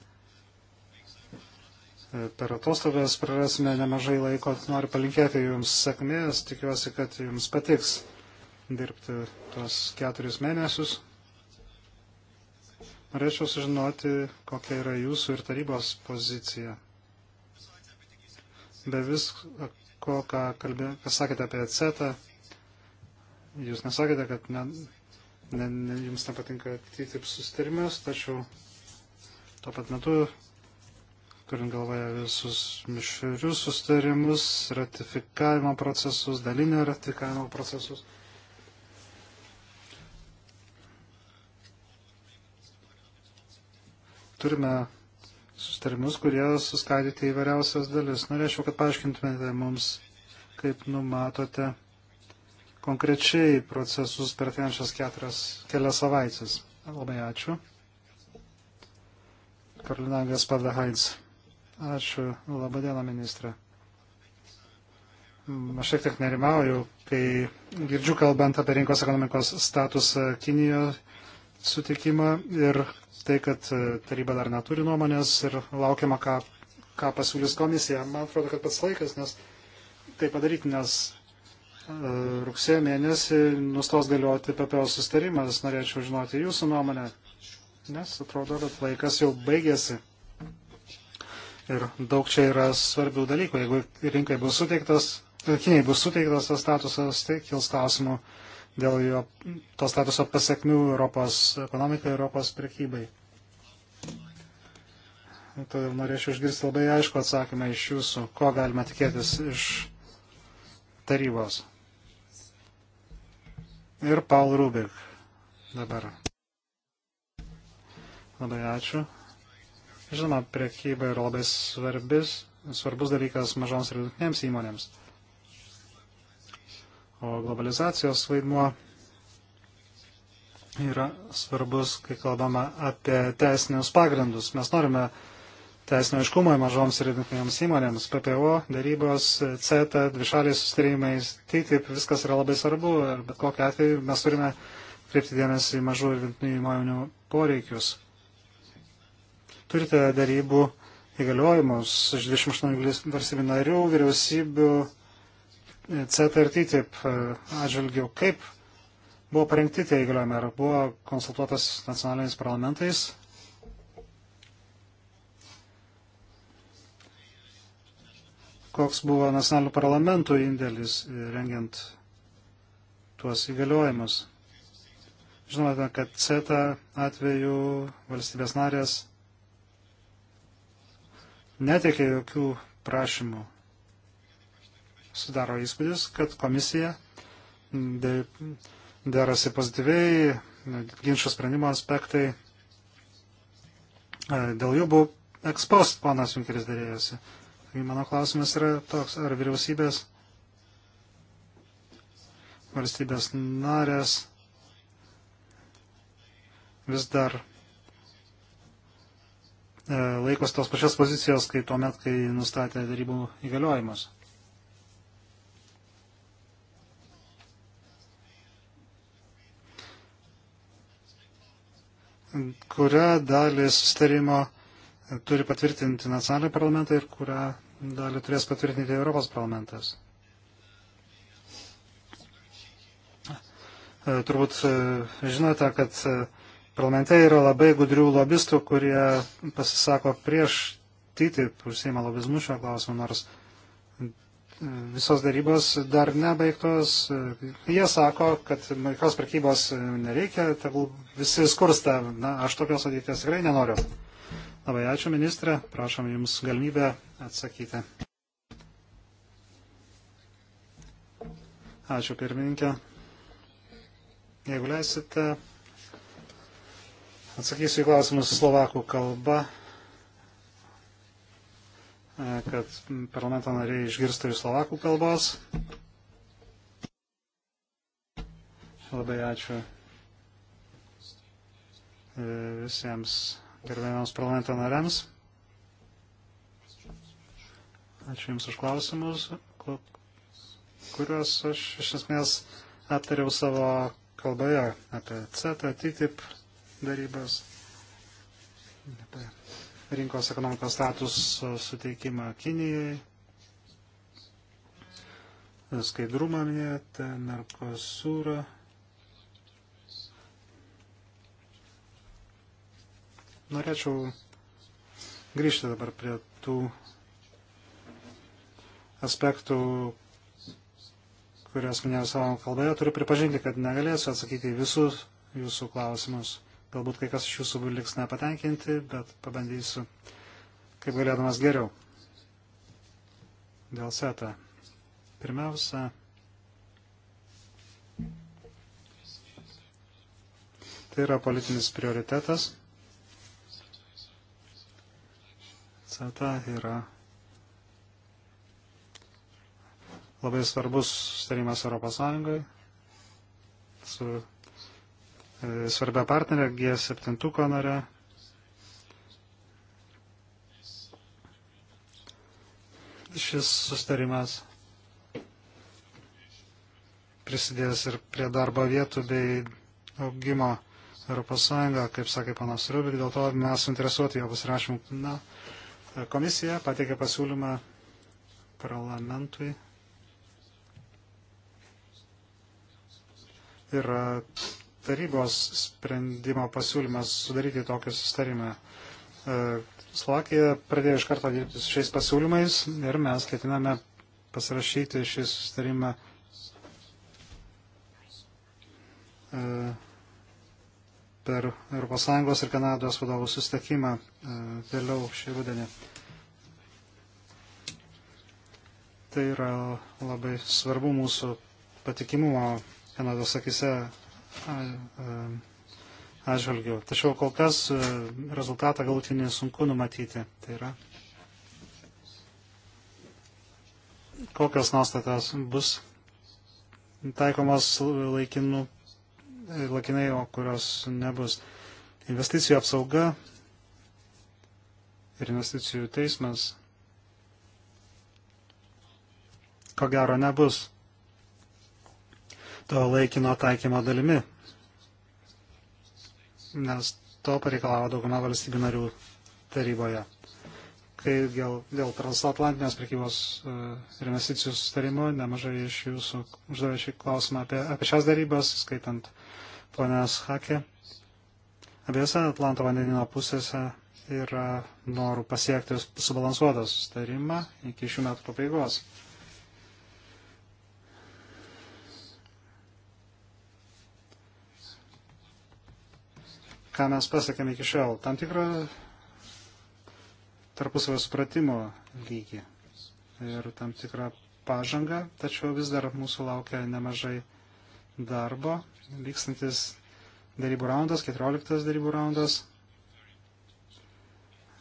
e, per atostogas prarasime nemažai laiko. Noriu palinkėti Jums sėkmės, tikiuosi, kad Jums patiks dirbti tuos keturis mėnesius. Norėčiau sužinoti, kokia yra Jūsų ir tarybos pozicija. Be visko, ką, kalbė, ką sakėte apie CETA, Jūs nesakėte, kad ne, ne, ne, Jums nepatinka TTIP sustarimas, tačiau Tuo pat metu, turint galvoje visus mišrius sustarimus, ratifikavimo procesus, dalinio ratifikavimo procesus. Turime sustarimus, kurie suskaidyti įvairiausias dalis. Norėčiau, kad paaiškintumėte mums, kaip numatote konkrečiai procesus per tenčias keturias kelias savaitės. Labai ačiū. Karolina Gasparda Heinz. Ačiū. Labadiena, ministrė. Mm, aš šiek tiek nerimauju, kai girdžiu kalbant apie rinkos ekonomikos statusą Kinijoje sutikimą ir tai, kad e, taryba dar neturi nuomonės ir laukiama, ką, ką pasiūlys komisija. Man atrodo, kad pats laikas, nes tai padaryti, nes e, rugsėjo mėnesį nustos galioti PPO sustarimas. Norėčiau žinoti jūsų nuomonę nes atrodo, kad laikas jau baigėsi. Ir daug čia yra svarbių dalykų. Jeigu rinkai bus suteiktas, Kinijai bus suteiktas tas statusas, tai kils klausimų dėl jo to statuso pasiekmių Europos ekonomikai, Europos prekybai. Todėl norėčiau išgirsti labai aišku atsakymą iš jūsų, ko galima tikėtis iš tarybos. Ir Paul Rubik dabar. Labai ačiū. Žinoma, priekyba yra labai svarbis, svarbus dalykas mažoms ir vidutinėms įmonėms. O globalizacijos vaidmuo yra svarbus, kai kalbama apie teisinius pagrindus. Mes norime teisinio iškumo mažoms ir vidutinėms įmonėms. PPO, darybos, CETA, e, dvišaliai sustarimai, tai taip viskas yra labai svarbu. Bet kokiu atveju mes turime kreipti dėmesį į mažų ir vidutinių įmonių poreikius turite darybų įgaliojimus iš 28 valstybių narių, vyriausybių, e, CETA ir TTIP e, atžvilgių. Kaip buvo parengti tie įgaliojimai? Ar buvo konsultuotas nacionaliniais parlamentais? Koks buvo nacionalinių parlamentų indėlis e, rengiant tuos įgaliojimus? Žinote, kad CETA atveju valstybės narės neteikė jokių prašymų. Sudaro įspūdis, kad komisija derasi pozityviai, ginčio sprendimo aspektai. Dėl jų buvo ekspost ponas Junkeris dėrėjosi. Taigi mano klausimas yra toks, ar vyriausybės, valstybės narės vis dar E, laikosi tos pačios pozicijos, kai tuo met, kai nustatė darybų įgaliojimus. kurią dalį sustarimo turi patvirtinti nacionaliniai parlamentai ir kurią dalį turės patvirtinti Europos parlamentas. E, turbūt e, žinote, kad Parlamente yra labai gudrių lobistų, kurie pasisako prieš TTIP, užsieima lobizmu šio klausimu, nors e, visos darybos dar nebaigtos. Jie sako, kad jokios prekybos nereikia, tegul visi skursta. Na, aš tokios ateities tikrai nenoriu. Labai ačiū, ministrė. Prašom Jums galimybę atsakyti. Ačiū, pirmininkė. Jeigu leisite. Atsakysiu į klausimus slovakų kalba, e, kad parlamento nariai išgirstų ir slovakų kalbos. Labai ačiū e, visiems gerbėjams parlamento nariams. Ačiū Jums už klausimus, kuriuos aš iš esmės aptariau savo kalboje apie CETA, TTIP darybas, tai rinkos ekonomikos status suteikimą Kinijai, skaidrumą minėjote, Merkosūrą. Norėčiau grįžti dabar prie tų aspektų, kurias minėjau savo kalboje, turiu pripažinti, kad negalėsiu atsakyti į visus jūsų klausimus. Galbūt kai kas iš jūsų liks nepatenkinti, bet pabandysiu kaip galėdamas geriau. Dėl setą. Pirmiausia, tai yra politinis prioritetas. Seta yra labai svarbus sustarimas Europos Sąjungai su E, svarbia partnerė, G7 nare. Šis sustarimas prisidės ir prie darbo vietų bei augimo ES, kaip sakė panas Rubik, dėl to mes suinteresuoti jo pasirašymu. Na, komisija pateikė pasiūlymą parlamentui. Yra tarybos sprendimo pasiūlymas sudaryti tokį sustarimą. E, Slovakija pradėjo iš karto dirbti su šiais pasiūlymais ir mes ketiname pasirašyti šį sustarimą e, per ES ir Kanados vadovų sustakymą e, vėliau šį rudenį. Tai yra labai svarbu mūsų patikimumo Kanados akise E, atžvilgių. Tačiau kol kas e, rezultatą galutinį sunku numatyti. Tai yra, kokios nuostatas bus taikomos laikinų, laikinai, o kurios nebus. Investicijų apsauga ir investicijų teismas ko gero nebus to laikino taikymo dalimi, nes to pareikalavo dauguma valstybių narių taryboje. Kai dėl, dėl transatlantinės prekybos e, ir investicijų sustarimo nemažai iš jūsų uždavė šį klausimą apie, apie šias darybas, skaitant ponės Hakė. Abiejose Atlanto vandenino pusėse yra norų pasiekti subalansuotą sustarimą iki šių metų pabaigos. ką mes pasakėme iki šiol. Tam tikrą tarpusavio supratimo lygį ir tam tikrą pažangą, tačiau vis dar mūsų laukia nemažai darbo. Vykstantis darybų raundas, 14 darybų raundas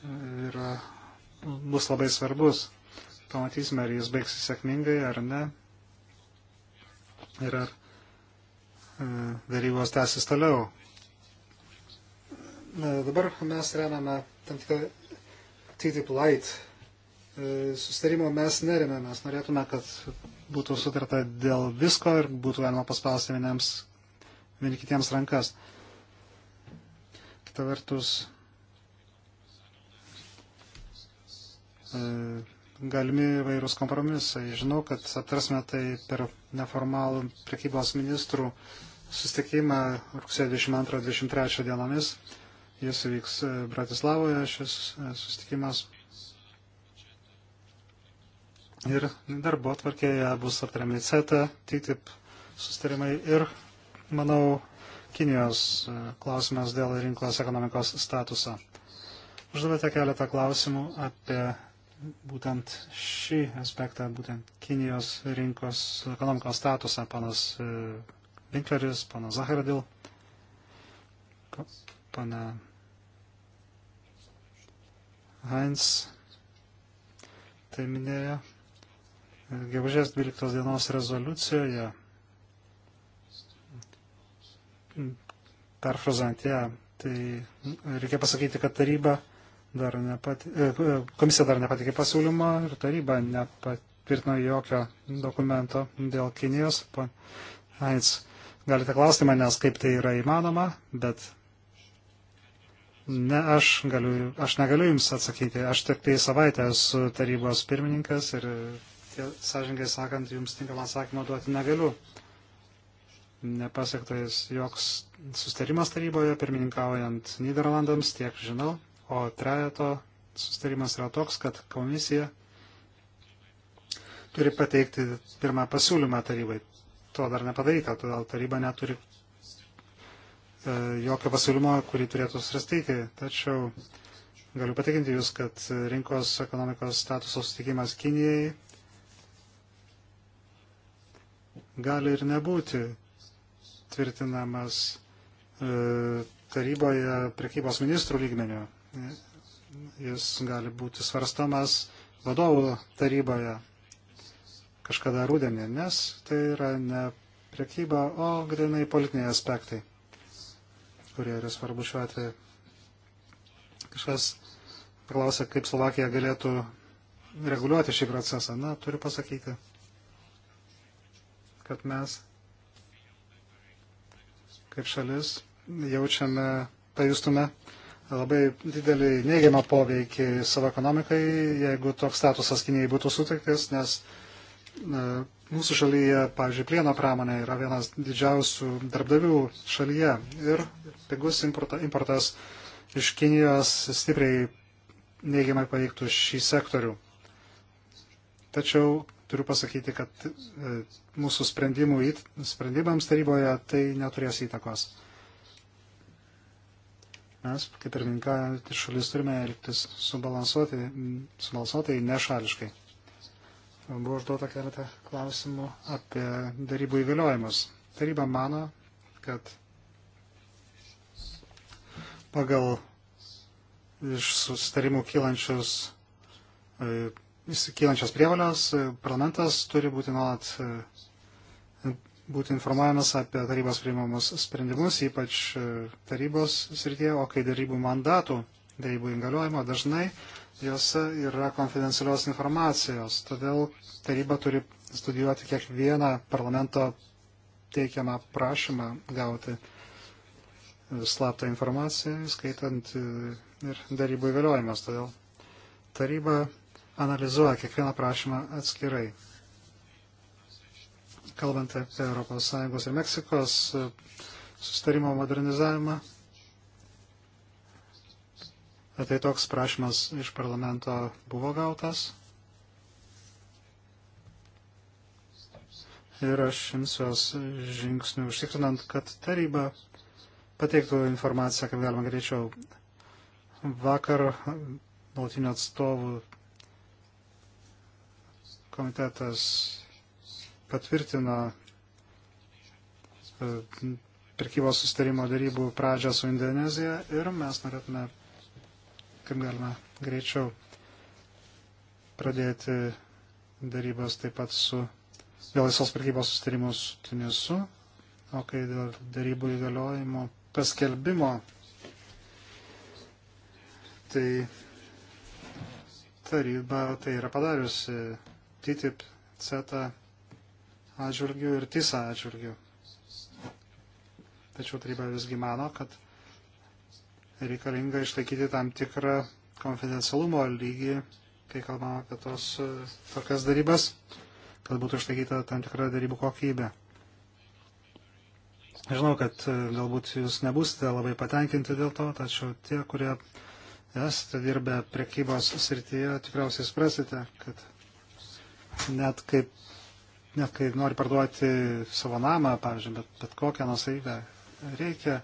yra, e, bus labai svarbus. Pamatysime, ar jis baigsis sėkmingai ar ne. Ir ar e, darybos tęsis toliau. Dabar mes remiame tam tikrą TTIP light e, sustarimo mes nerime, mes norėtume, kad būtų sutarta dėl visko ir būtų galima paspausti vieniems, vieni kitiems rankas. Kita vertus, e, galimi vairūs kompromisai. Žinau, kad aptarsime tai per neformalų prekybos ministrų sustikimą rugsėjo 22-23 dienomis. Jis vyks e, Bratislavoje, šis e, susitikimas. Ir darbo atvarkėje bus aptariami CETA, TTIP sustarimai ir, manau, Kinijos e, klausimas dėl rinkos ekonomikos statuso. Uždavėte keletą klausimų apie būtent šį aspektą, būtent Kinijos rinkos ekonomikos statusą, panas Winkleris, panas Zahardil, pana Heinz tai minėjo e, gegužės 12 dienos rezoliucijoje, perfrazant ją, tai reikia pasakyti, kad taryba dar nepati, e, e, komisija dar nepatikė pasiūlymą ir taryba nepatvirtino jokio dokumento dėl Kinijos. Heinz, galite klausti manęs, kaip tai yra įmanoma, bet Ne, aš, galiu, aš negaliu Jums atsakyti. Aš tik tai savaitę esu tarybos pirmininkas ir sąžingai sakant, Jums tinkamą atsakymą duoti negaliu. Nepasiektas joks sustarimas taryboje, pirmininkaujant Niderlandams, tiek žinau. O trejato sustarimas yra toks, kad komisija turi pateikti pirmą pasiūlymą tarybai. To dar nepadaryta, todėl taryba neturi E, jokio pasiūlymo, kurį turėtų svarstyti. Tačiau galiu patikinti Jūs, kad rinkos ekonomikos statuso sutikimas Kinijai gali ir nebūti tvirtinamas e, taryboje prekybos ministrų lygmenio. Jis gali būti svarstamas vadovų taryboje kažkada rūdienį, nes tai yra ne prekyba, o grinai politiniai aspektai kurie yra svarbu šiuo atveju. Kažkas paklausė, kaip Slovakija galėtų reguliuoti šį procesą. Na, turiu pasakyti, kad mes kaip šalis jaučiame, pajustume labai didelį neigiamą poveikį savo ekonomikai, jeigu toks statusas Kinijai būtų suteiktas, nes Mūsų šalyje, pavyzdžiui, plieno pramonė yra vienas didžiausių darbdavių šalyje ir pigus importas iš Kinijos stipriai neigiamai paveiktų šį sektorių. Tačiau turiu pasakyti, kad e, mūsų sprendimų, sprendimams taryboje tai neturės įtakos. Mes, kaip ir minka, šalis turime elgtis subalansuotai, subalansuotai nešališkai. Buvo užduota keletą klausimų apie darybų įgaliojimus. Taryba mano, kad pagal iš sustarimų kylančius įsikylančios e, prievalios, e, parlamentas turi būti nuolat e, būti informuojamas apie tarybos priimamus sprendimus, ypač tarybos srityje, o kai darybų mandatų, darybų įgaliojimo dažnai Jose yra konfidencialios informacijos, todėl taryba turi studijuoti kiekvieną parlamento teikiamą prašymą gauti slaptą informaciją, skaitant e, ir darybų įgaliojimas. Todėl taryba analizuoja kiekvieną prašymą atskirai. Kalbant apie ES ir Meksikos e, sustarimo modernizavimą, Ar tai toks prašymas iš parlamento buvo gautas? Ir aš imsiuos žingsnių užtikrinant, kad taryba pateiktų informaciją, kaip galima greičiau. Vakar nuotinio atstovų komitetas patvirtino e, pirkybos sustarimo darybų pradžią su Indonezija ir mes norėtume kaip galima greičiau pradėti darybas taip pat su dėl visos prekybos sustarimų su Tunisu, o kai dėl darybų įgaliojimo paskelbimo, tai taryba tai yra padariusi TTIP, CETA atžvilgių ir TISA atžvilgių. Tačiau taryba visgi mano, kad reikalinga išlaikyti tam tikrą konfidencialumo lygį, kai kalbam apie tos e, tokias darybas, kad būtų išlaikyta tam tikra darybų kokybė. Žinau, kad e, galbūt jūs nebūsite labai patenkinti dėl to, tačiau tie, kurie esate dirbę prekybos srityje, tikriausiai suprasite, kad net kaip net kai nori parduoti savo namą, pavyzdžiui, bet, bet kokią nusavybę, reikia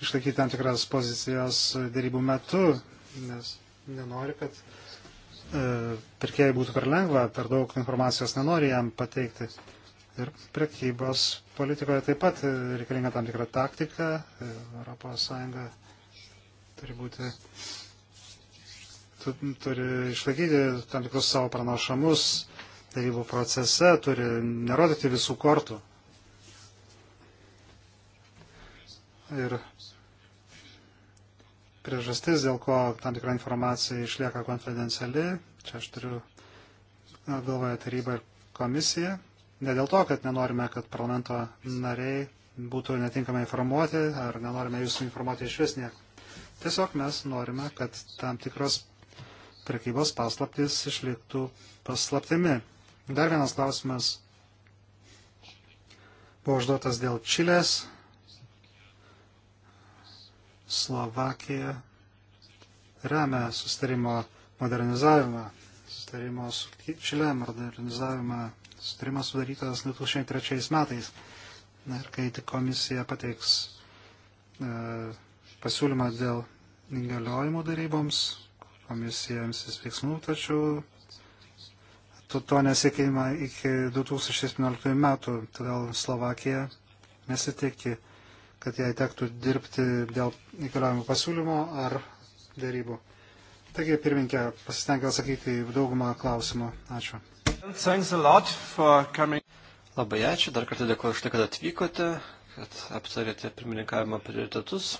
išlaikyti tam tikras pozicijas dėrybų metu, nes nenori, kad e, pirkėjai būtų per lengva, per daug informacijos nenori jam pateikti. Ir prekybos politikoje taip pat e, reikalinga tam tikra taktika. ES turi būti turi išlaikyti tam tikrus savo pranašamus darybų procese, turi nerodyti visų kortų. Ir priežastis, dėl ko tam tikra informacija išlieka konfidenciali. Čia aš turiu galvoje tarybą ir komisiją. Ne dėl to, kad nenorime, kad parlamento nariai būtų netinkamai informuoti ar nenorime jūsų informuoti iš vis nieko. Tiesiog mes norime, kad tam tikros prekybos paslaptis išliktų paslaptimi. Dar vienas klausimas buvo užduotas dėl Čilės Slovakija remia sustarimo modernizavimą, sustarimo su Čile modernizavimą. Sustarimas sudarytas 2003 metais. Ir kai tik komisija pateiks e, pasiūlymą dėl įgaliojimų daryboms, komisija imsis veiksmų, tačiau to, to nesiekima iki 2017 metų, todėl Slovakija nesitikė kad jai tektų dirbti dėl įgaliojimų pasiūlymo ar dėrybų. Taigi, pirminkė, pasistengiau atsakyti į daugumą klausimų. Ačiū. Labai ačiū, dar kartą dėkuoju už tai, kad atvykote, kad aptarėte pirmininkavimo prioritetus.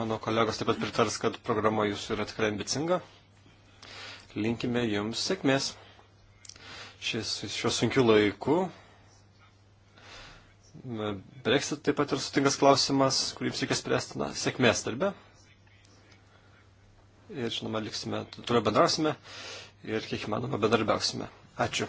Mano kolegos taip pat pritars, kad programa jūsų yra tikrai ambicinga. Linkime jums sėkmės šis, šiuo sunkiu laiku. Brexit taip pat ir sutinkas klausimas, kurį jums reikia spręsti, na, sėkmės darbe. Ir, žinoma, liksime, toliau bendrausime ir kiek įmanoma bendarbiausime. Ačiū.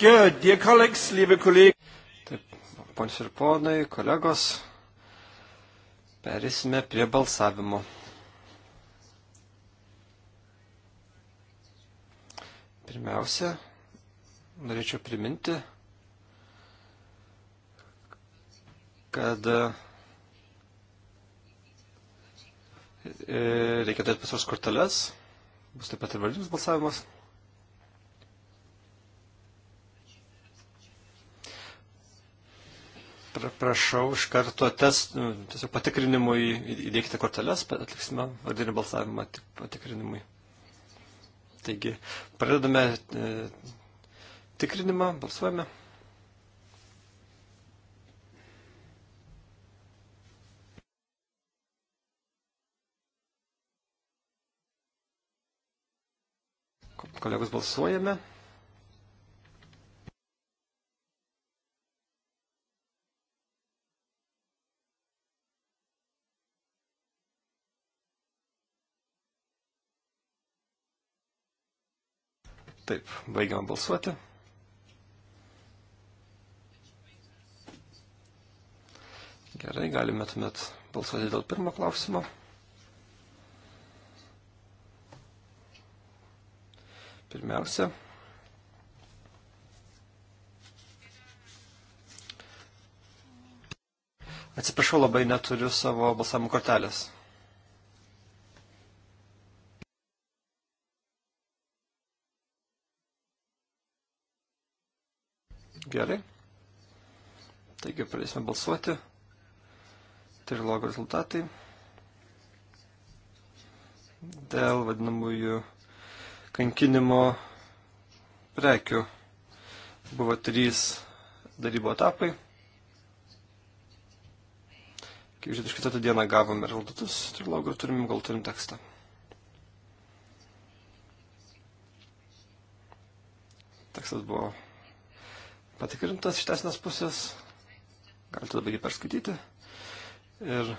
Good, dear colleagues, liebe Kollegen. Taip, pons ir ponai, kolegos, perėsime prie balsavimo. Pirmiausia, norėčiau priminti, kad e, reikia turėti visos korteles, bus taip pat ir valdymas balsavimas. pra, prašau iš karto test, nu, tiesiog patikrinimui įdėkite korteles, atliksime vardinį balsavimą patikrinimui. Taigi, pradedame e, tikrinimą, balsuojame. Kolegos balsuojame. Taip, baigiam balsuoti. Gerai, galime tuomet balsuoti dėl pirmo klausimo. Pirmiausia, atsiprašau labai neturiu savo balsavimo kortelės. Gerai. Taigi pradėsime balsuoti. Trilogo rezultatai. Dėl vadinamųjų kankinimo prekių buvo trys darybo etapai. Kaip žinot, iš kitą dieną gavome rezultatus trilogų ir turim gal turim tekstą. Tekstas buvo patikrintas iš tesnės pusės. Galite dabar jį perskaityti. Ir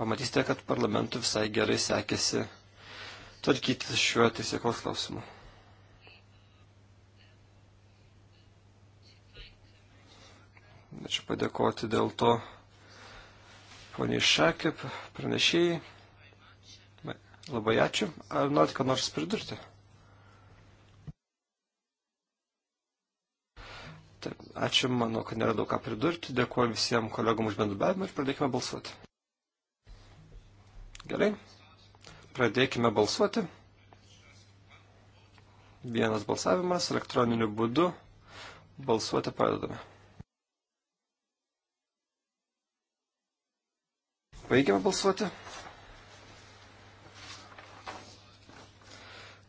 pamatysite, kad parlamentui visai gerai sekėsi tvarkyti šiuo teisėkos klausimu. Ačiū padėkoti dėl to poniai Šakė, pranešėjai. Labai ačiū. Ar norite ką nors pridurti? Taip, ačiū, manau, kad nėra daug ką pridurti. Dėkuoju visiems kolegom už bendradarbiavimą ir pradėkime balsuoti. Gerai, pradėkime balsuoti. Vienas balsavimas elektroniniu būdu. Balsuoti pradedame. Baigiame balsuoti.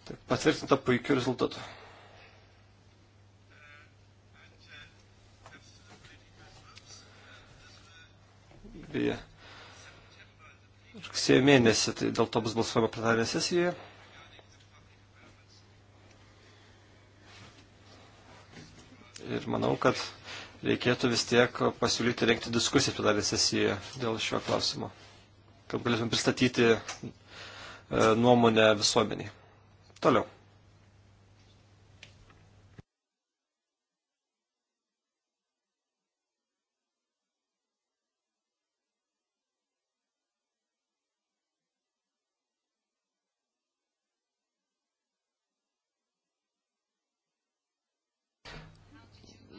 Taip, patvirtinta puikių rezultatų. apie rugsėjo mėnesį, tai dėl to bus balsuojama plenarinė sesijoje. Ir manau, kad reikėtų vis tiek pasiūlyti renkti diskusiją plenarinė sesijoje dėl šio klausimo, kad galėtume pristatyti e, nuomonę visuomeniai. Toliau.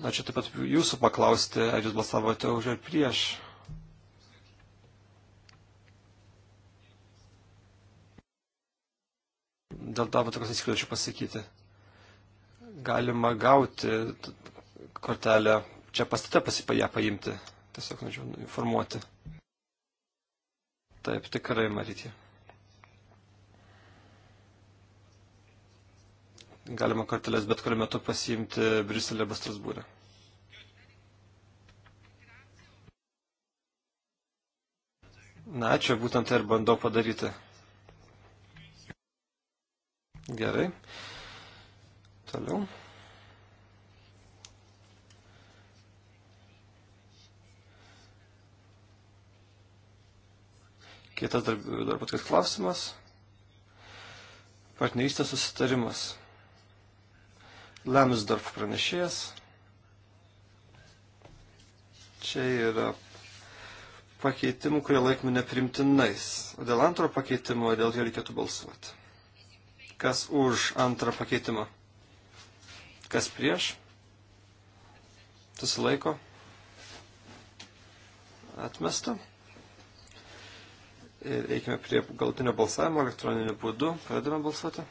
Ačiū taip pat jūsų paklausti, ar jūs balsavote už ar prieš. Dėl darbo tokios įsikvėčiau pasakyti. Galima gauti kortelę, čia pastate pasipaja paimti, tiesiog norėčiau informuoti. Taip, tikrai, Marytė. galima korteles bet kuriuo metu pasiimti Briuselį arba Strasbūrą. Na, ačiū, būtent tai ir bandau padaryti. Gerai. Toliau. Kitas darbotkas klausimas. Partnerystės susitarimas. Lemsdorf pranešėjas. Čia yra pakeitimų, kurie laikomi neprimtinais. O dėl antro pakeitimo, dėl jo reikėtų balsuoti. Kas už antrą pakeitimą? Kas prieš? Susilaiko? Atmesta. Ir eikime prie galtinio balsavimo elektroniniu būdu. Pradedame balsuoti.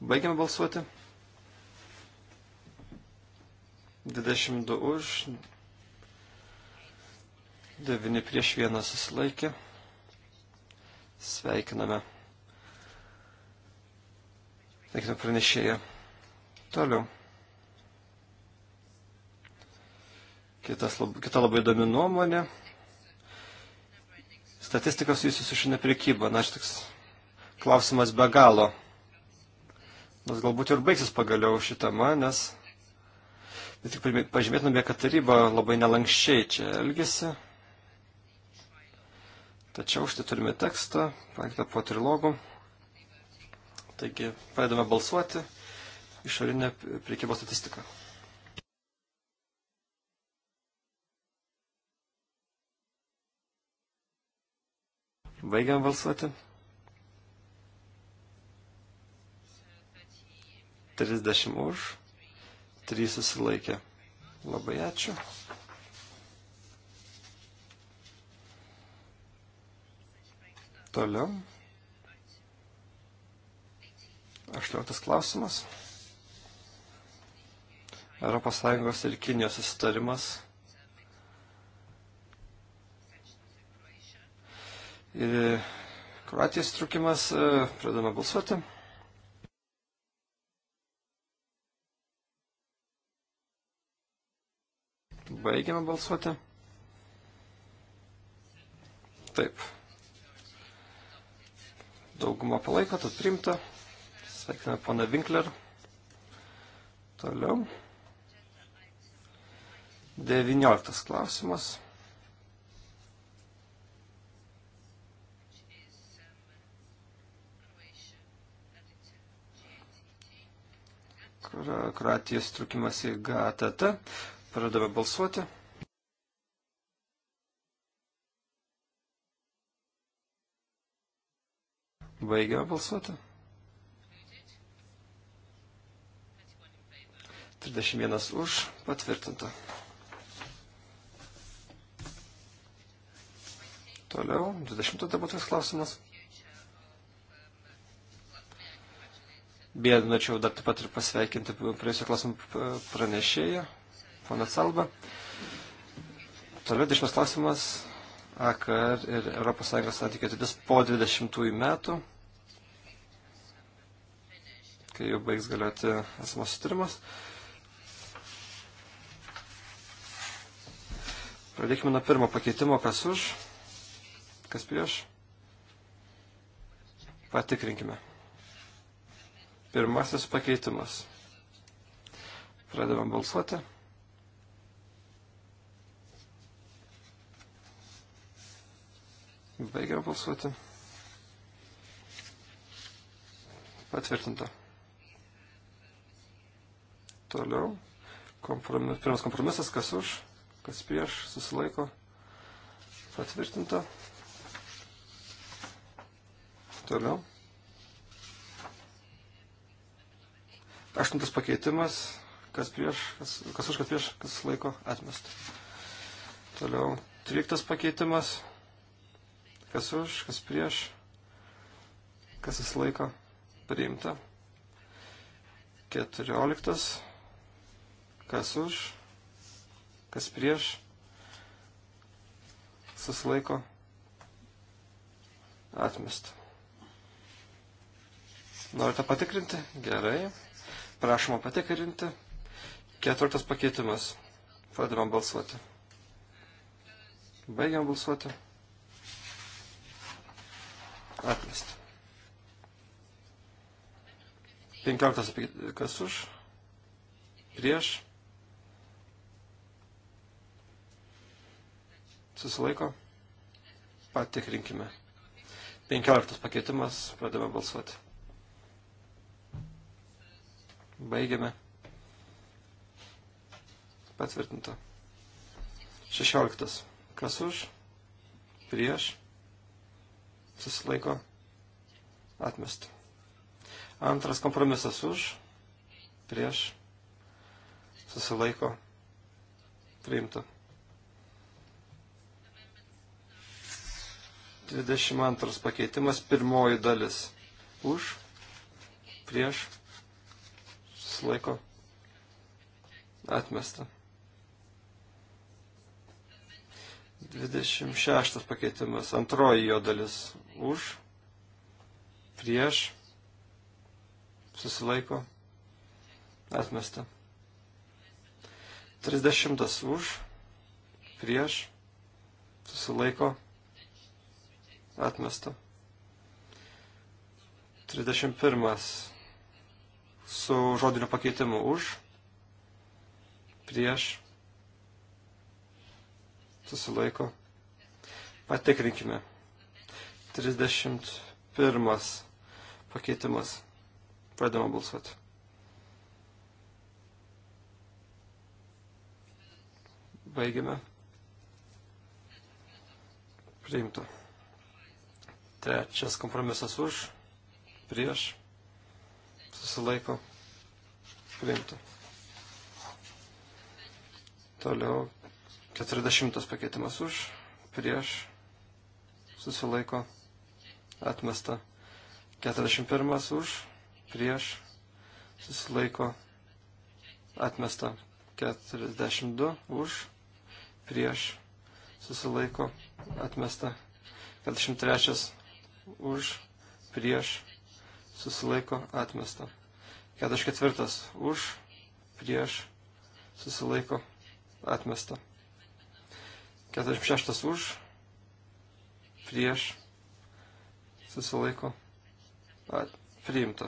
Baigiame balsuoti. 22 už, 9 prieš 1 susilaikė. Sveikiname. Sveikiname pranešėją. Toliau. Kitas, kita labai įdomi nuomonė. Statistikos jūsų su šiandien prekyba. Na, aš toks klausimas be galo Nors galbūt ir baigsis pagaliau šitama, nes Bet tik pažymėtume, kad taryba labai nelankščiai čia elgesi. Tačiau štai turime tekstą, paktą po trilogų. Taigi, pradedame balsuoti išorinę priekybos statistiką. Baigiam balsuoti. 30 už, 3 susilaikė. Labai ačiū. Toliau. Aštuotas klausimas. ES ir Kinijos susitarimas ir Kroatijos trukimas, pradame balsuoti. Baigiame balsuoti. Taip. Dauguma palaiko, tad primta. Sveikiname pana Winkler. Toliau. 19 klausimas. Kroatijos trukimas į GATT. Pradame balsuoti. Baigiame balsuoti. 31 už patvirtinta. Toliau, 20 debatas klausimas. Beje, norėčiau dar taip pat ir pasveikinti praėjusio klausimą pranešėją, pana Salba. Toliau dešimtas klausimas. AKR ir ES santykių ateitis po 20 metų, kai jau baigs galioti esamos sutarimas. Pradėkime nuo pirmo pakeitimo, kas už, kas prieš. Patikrinkime. Pirmasis pakeitimas. Pradedam balsuoti. Baigiam balsuoti. Patvirtinta. Toliau. Kompromis, pirmas kompromisas, kas už, kas prieš, susilaiko. Patvirtinta. Toliau. Aštuntas pakeitimas, kas prieš, kas, kas už, kas prieš, kas laiko atmest. Toliau. Tryliktas pakeitimas Kas už, kas prieš, kas susilaiko priimta. 14. Kas už, kas prieš, susilaiko atmesta. Norite patikrinti? Gerai. Prašoma patikrinti. Ketvirtas pakeitimas. Pradedam balsuoti. Baigiam balsuoti atmesta. 15 kas už, prieš, susilaiko, patikrinkime. 15 pakeitimas, pradame balsuoti. Baigiame. Patvirtinta. 16. Kas už? Prieš susilaiko atmestų. Antras kompromisas už, prieš, susilaiko priimtų. 22 pakeitimas, pirmoji dalis. Už, prieš, susilaiko atmestą. 26 pakeitimas, antroji jo dalis už, prieš, susilaiko, atmesta. 30 už, prieš, susilaiko, atmesta. 31 su žodiniu pakeitimu už, prieš, susilaiko. Patikrinkime. 31 pakeitimas. Pradėjome balsuoti. Baigime. Priimta. Trečias kompromisas už, prieš, susilaiko, priimta. Toliau 40 pakeitimas už, prieš, susilaiko, priimta atmesta. 41 už, prieš, susilaiko, atmesta. 42 už, prieš, susilaiko, atmesta. 43 už, prieš, susilaiko, atmesta. 44 už, prieš, susilaiko, atmesta. 46 už, prieš, susilaiko at, priimta.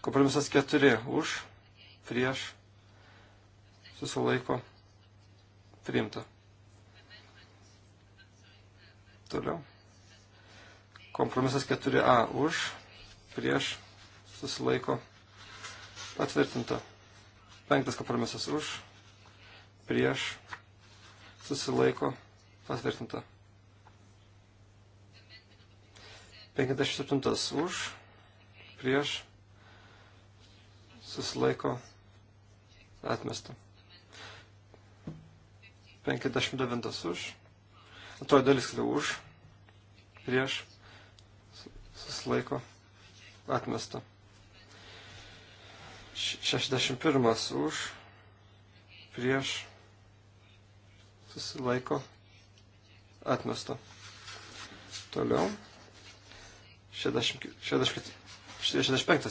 Kompromisas 4 už, prieš, susilaiko priimta. Toliau. Kompromisas 4a už, prieš, susilaiko patvirtinta. Penktas kompromisas už, prieš, susilaiko patvirtinta. 57 už, prieš, susilaiko, atmesta. 59 už, antroji dalis kada už, prieš, susilaiko, atmesta. 61 už, prieš, susilaiko, atmesta. Toliau. 65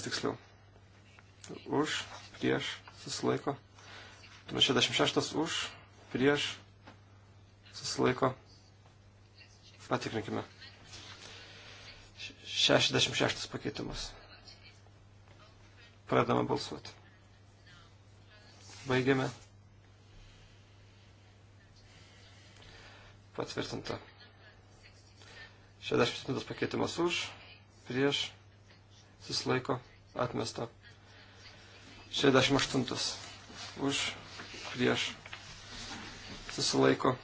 tiksliau. Už, prieš, susilaiko. Tuomet 66 už, prieš, susilaiko. Patikrinkime. 66 pakeitimas. Pradame balsuoti. Baigiame. Patvirtinta. 67 pakeitimas už, prieš, susilaiko, atmesta. 68 už, prieš, susilaiko,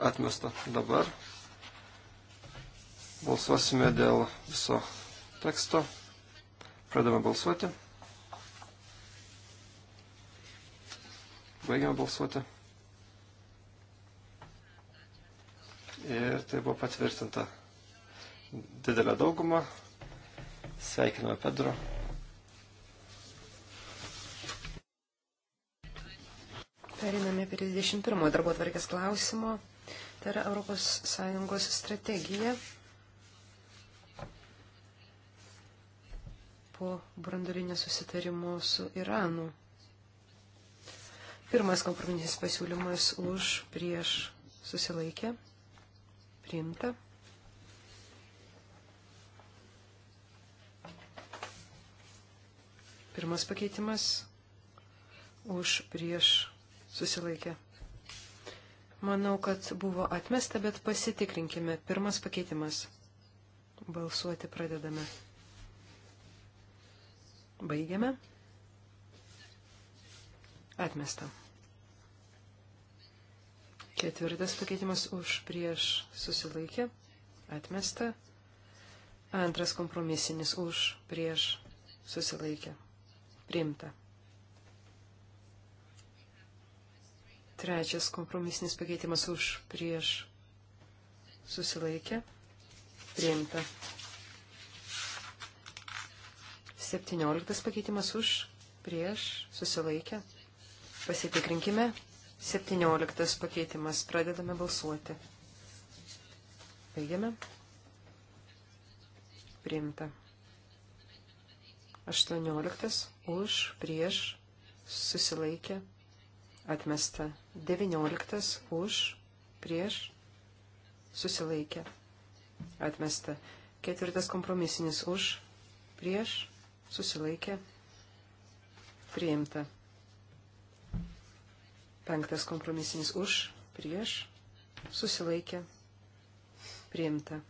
atmesta. Dabar balsuosime dėl viso teksto. Pradame balsuoti. Baigiame balsuoti. Ir tai buvo patvirtinta didelę daugumą. Sveikiname Pedro. Periname prie 21 darbo tvarkės klausimo. Tai yra ES strategija po brandurinio susitarimo su Iranu. Pirmas kompromisinis pasiūlymas už prieš susilaikę priimta. Pirmas pakeitimas už prieš susilaikę. Manau, kad buvo atmesta, bet pasitikrinkime. Pirmas pakeitimas. Balsuoti pradedame. Baigiame. Atmesta. Ketvirtas pakeitimas už prieš susilaikė. Atmesta. Antras kompromisinis už prieš susilaikė. Priimta. Trečias kompromisinis pakeitimas už prieš susilaikė. Priimta. Septynioliktas pakeitimas už prieš susilaikė. Pasitikrinkime. Septynioliktas pakeitimas. Pradedame balsuoti. Baigiame. Priimta. 18 už, prieš, susilaikė, atmesta. 19 už, prieš, susilaikė, atmesta. Ketvirtas kompromisinis už, prieš, susilaikė, priimta. Penktas kompromisinis už, prieš, susilaikė, priimta.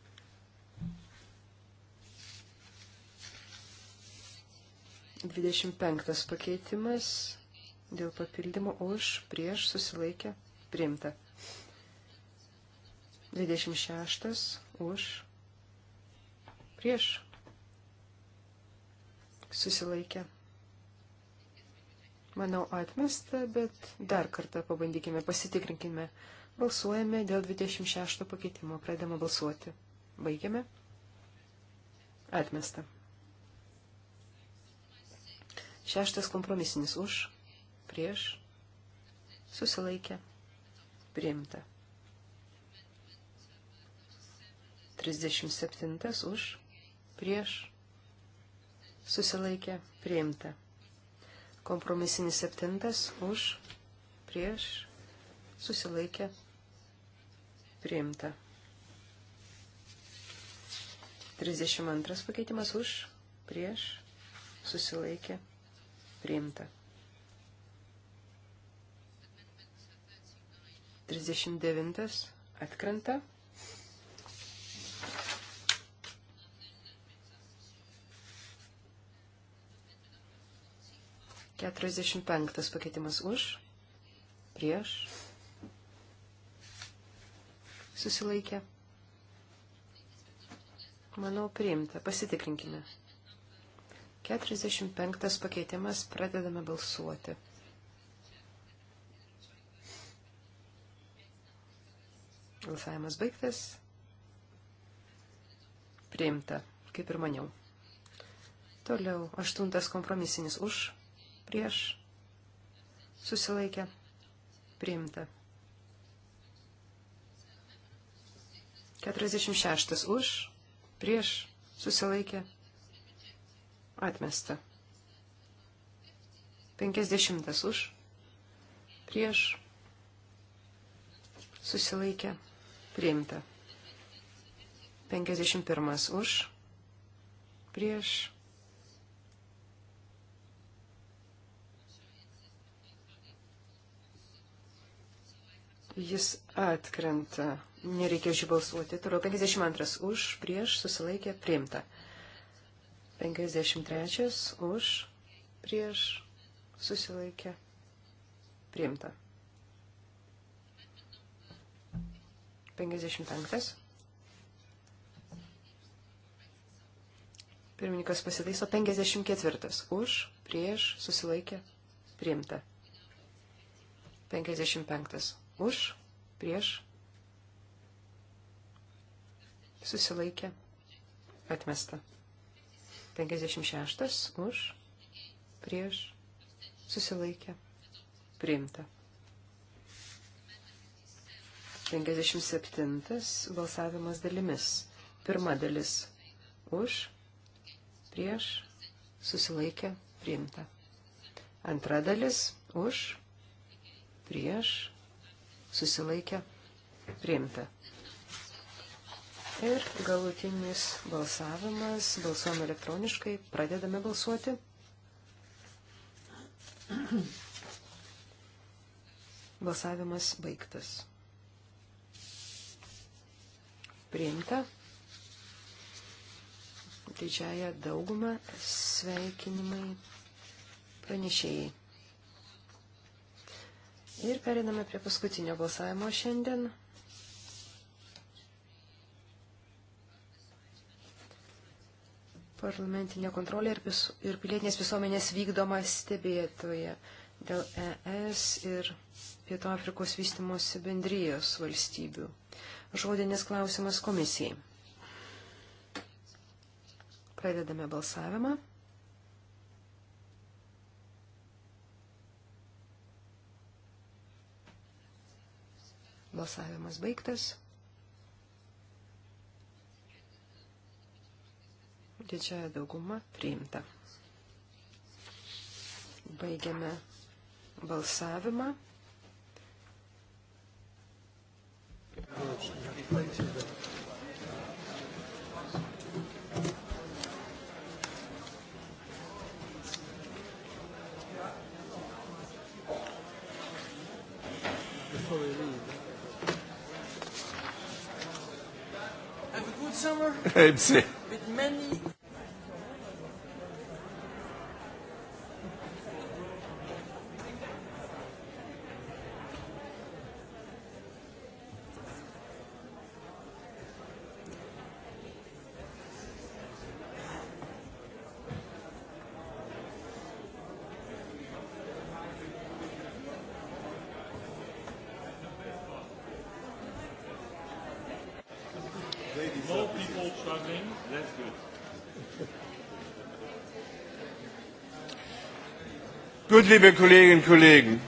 25 pakeitimas dėl papildymo už, prieš, susilaikę, priimta. 26 už, prieš, susilaikę. Manau atmesta, bet dar kartą pabandykime, pasitikrinkime. Balsuojame dėl 26 pakeitimo. Pradedame balsuoti. Baigiame. Atmesta. Šeštas kompromisinis už, prieš, susilaikė, priimta. 37 už, prieš, susilaikė, priimta. Kompromisinis septintas už, prieš, susilaikė, priimta. 32 pakeitimas už, prieš, susilaikė, priimta priimta. 39 atkrenta. Keturiasdešimt penktas pakeitimas už, prieš, susilaikė. Manau, priimta. Pasitikrinkime. 45 pakeitimas pradedame balsuoti. Balsavimas baigtas. Priimta, kaip ir maniau. Toliau, aštuntas kompromisinis už, prieš, susilaikė, priimta. 46 už, prieš, susilaikė, priimta. Atmesta. 50 už. Prieš. Susilaikė. Priimta. 51 už. Prieš. Jis atkrenta. Nereikia žibalsuoti. Toliau 52 už, prieš, susilaikė, priimta. 53 už, prieš, susilaikė, priimta. 55. Pirmininkas pasitaiso 54. Už, prieš, susilaikė, priimta. 55. Už, prieš, susilaikė, atmesta. 56 už, prieš, susilaikė, priimta. 57 balsavimas dalimis. Pirma dalis už, prieš, susilaikė, priimta. Antra dalis už, prieš, susilaikė, priimta. Ir galutinis balsavimas. Balsuojame elektroniškai. Pradedame balsuoti. Balsavimas baigtas. Priimta. Didžiaja dauguma sveikinimai pranešėjai. Ir periname prie paskutinio balsavimo šiandien. parlamentinė kontrolė ir, vis, ir pilietinės visuomenės vykdoma stebėtoje dėl ES ir Pietų Afrikos vystimosi bendrijos valstybių. Žodinis klausimas komisijai. Pradedame balsavimą. Balsavimas baigtas. didžiąją daugumą priimta. Baigiame balsavimą. Before we leave, Have a good summer. Hepsi. With many Gut, liebe Kolleginnen und Kollegen,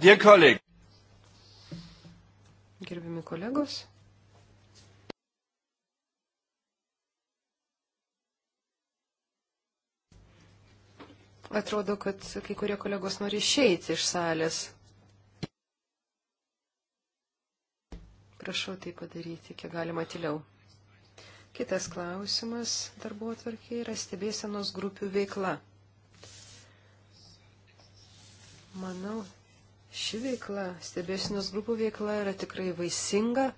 dear colleague. Gerbiami kolegos. Atrodo, kad kai kurie kolegos nori išeiti iš salės. Prašau tai padaryti, kiek galima tyliau. Kitas klausimas darbo atvarkiai yra stebėsenos grupių veikla. Manau, ši veikla, stebėsinos grupų veikla yra tikrai vaisinga.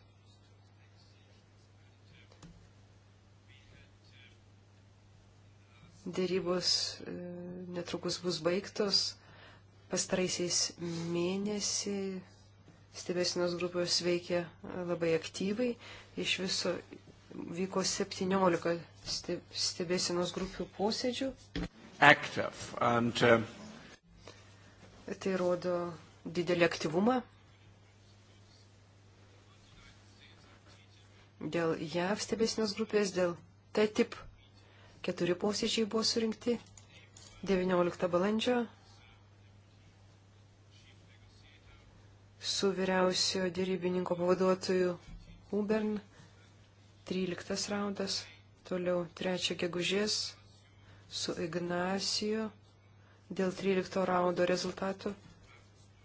Dėrybos e, netrukus bus baigtos. Pastaraisiais mėnesį stebėsinos grupės veikia e, labai aktyviai. Iš viso vyko 17 stebėsinos grupių posėdžių. Active and uh, Tai rodo didelį aktyvumą dėl JAV stebėsinos grupės, dėl TTIP. Keturi posėdžiai buvo surinkti 19 balandžio su vyriausio dėrybininko pavaduotoju Ubern, 13 raundas, toliau 3 gegužės su Ignacijo dėl 13 raundo rezultatų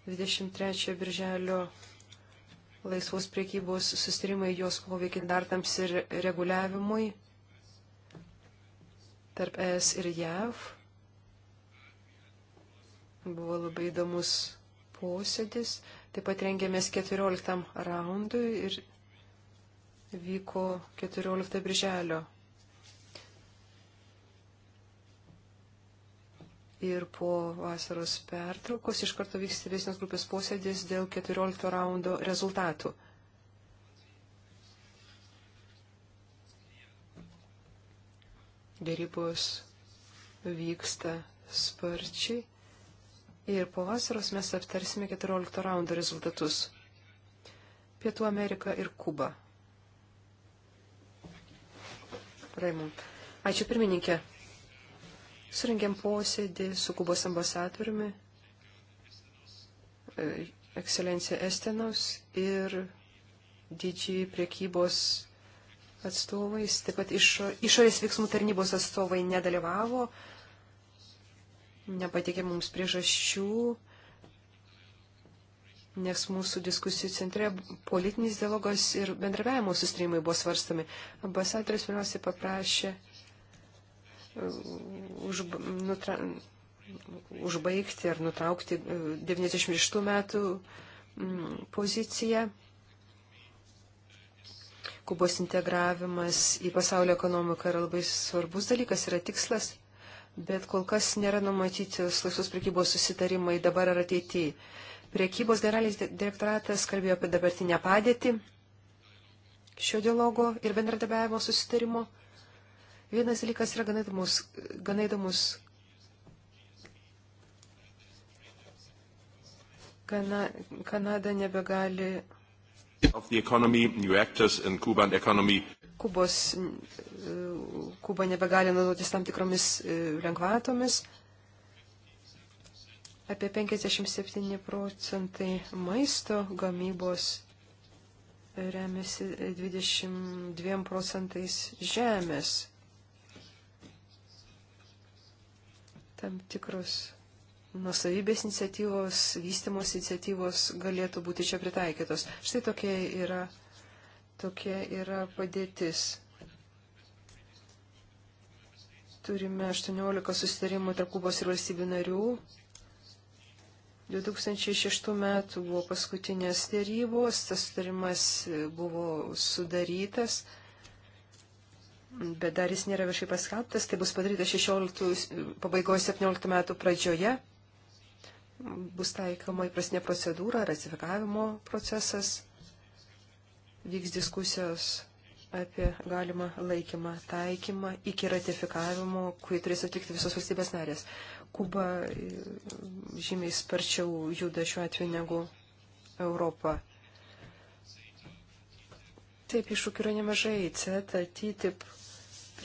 23 birželio laisvos priekybos sustarimai jos poveikį dartams ir reguliavimui tarp ES ir JAV. Buvo labai įdomus posėdis. Taip pat rengėmės 14 raundui ir vyko 14 birželio Ir po vasaros pertraukos iš karto vyks stebėsinos grupės posėdis dėl 14 raundo rezultatų. Dėrybos vyksta sparčiai ir po vasaros mes aptarsime 14 raundo rezultatus. Pietų Amerika ir Kuba. Raimund. Ačiū pirmininkė surinkėm posėdį su Kubos ambasadoriumi, e, ekscelencija Estenos ir didžiai priekybos atstovais, taip pat iš, išorės veiksmų tarnybos atstovai nedalyvavo, nepateikė mums priežasčių, nes mūsų diskusijų centre politinis dialogas ir bendrabiavimo sustrimai buvo svarstami. Ambasadoris pirmiausiai paprašė už, nutra, užbaigti ar nutraukti 96 e, metų poziciją. Kubos integravimas į pasaulio ekonomiką yra labai svarbus dalykas, yra tikslas, bet kol kas nėra numatyti laisvos prekybos susitarimai dabar ar ateityje. Priekybos generalinis direktoratas kalbėjo apie dabartinę padėtį šio dialogo ir bendradarbiavimo susitarimo. Vienas dalykas yra gana įdomus, gana įdomus Kana, Kanada nebegali. Economy, economy, Kubos, Kuba nebegali naudotis tam tikromis e, lengvatomis. Apie 57 procentai maisto gamybos remiasi 22 procentais žemės. tam tikros nusavybės iniciatyvos, vystimos iniciatyvos galėtų būti čia pritaikytos. Štai tokia yra, tokia yra padėtis. Turime 18 susitarimų tarp Kubos ir valstybių narių. 2006 metų buvo paskutinės dėrybos, tas sutarimas buvo sudarytas bet dar jis nėra viešai paskelbtas, tai bus padaryta 16 pabaigos 17 metų pradžioje. Bus taikoma įprasnė procedūra, ratifikavimo procesas, vyks diskusijos apie galimą laikymą, taikymą iki ratifikavimo, kurį turės atlikti visos valstybės narės. Kuba e, žymiai sparčiau juda šiuo atveju negu Europa. Taip, iššūkių yra nemažai. CETA, TTIP,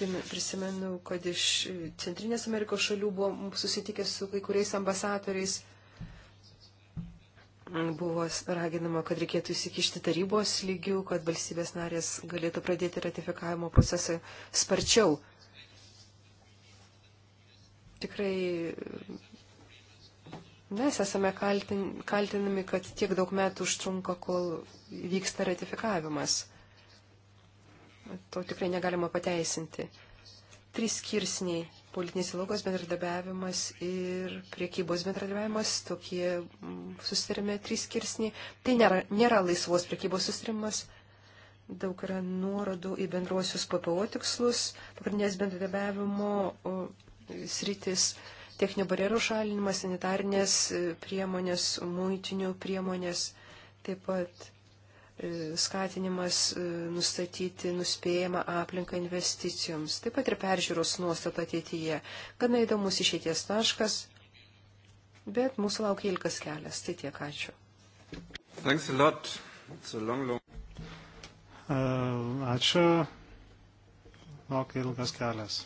Prisimenu, kad iš Centrinės Amerikos šalių buvo susitikęs su kai kuriais ambasadoriais. Buvo raginama, kad reikėtų įsikišti tarybos lygių, kad valstybės narės galėtų pradėti ratifikavimo procesą sparčiau. Tikrai mes esame kaltin, kaltinami, kad tiek daug metų užtrunka, kol vyksta ratifikavimas to tikrai negalima pateisinti. Trys skirsniai - politinės įlogos bendradarbiavimas ir priekybos bendradarbiavimas, tokie mm, susitarime trys skirsniai. Tai nėra, nėra laisvos priekybos susitarimas. Daug yra nuorodų į bendruosius PPO tikslus, pagrindinės bendradarbiavimo sritis techninių barjerų šalinimas, sanitarnės e, priemonės, muitinių priemonės, taip pat E, skatinimas e, nustatyti nuspėjamą aplinką investicijoms, taip pat ir peržiūros nuostatą ateityje. Gana įdomus išeities taškas, bet mūsų laukia ilgas kelias. Tai tiek ačiū. Long, long... Uh, ačiū. Laukia ilgas kelias.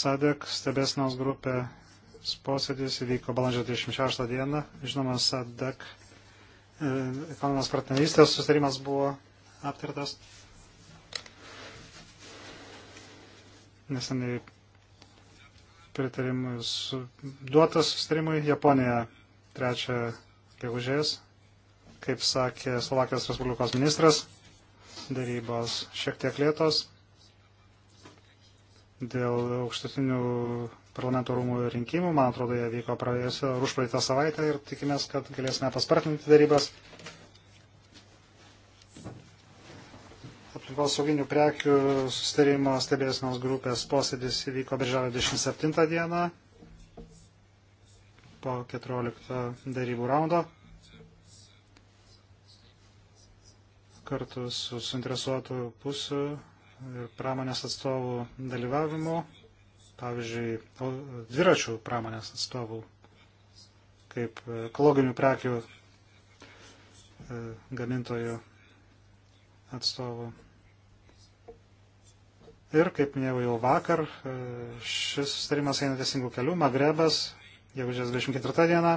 Sadek stebėsnos grupė posėdis įvyko balandžio 26 dieną. Žinoma, SADAK e e, ekonominės partnerystės sustarimas buvo aptartas. Neseniai pritarimui su, duotas sustarimui Japonija 3 gegužės, kaip sakė Slovakijos Respublikos ministras, darybos šiek tiek lėtos dėl aukštutinių parlamento rūmų rinkimų, man atrodo, jie vyko praėjusią ar užpraeitą savaitę ir tikimės, kad galėsime paspartinti darybas. Aplinkos sauginių prekių sustarimo stebėsinos grupės posėdis įvyko birželio 27 dieną po 14 darybų raundo kartu su suinteresuotų pusių ir pramonės atstovų dalyvavimu pavyzdžiui, dviračių pramonės atstovų, kaip ekologinių prekių e, gamintojų atstovų. Ir, kaip minėjau jau vakar, e, šis sustarimas eina teisingų kelių. Magrebas, gegužės 24 diena.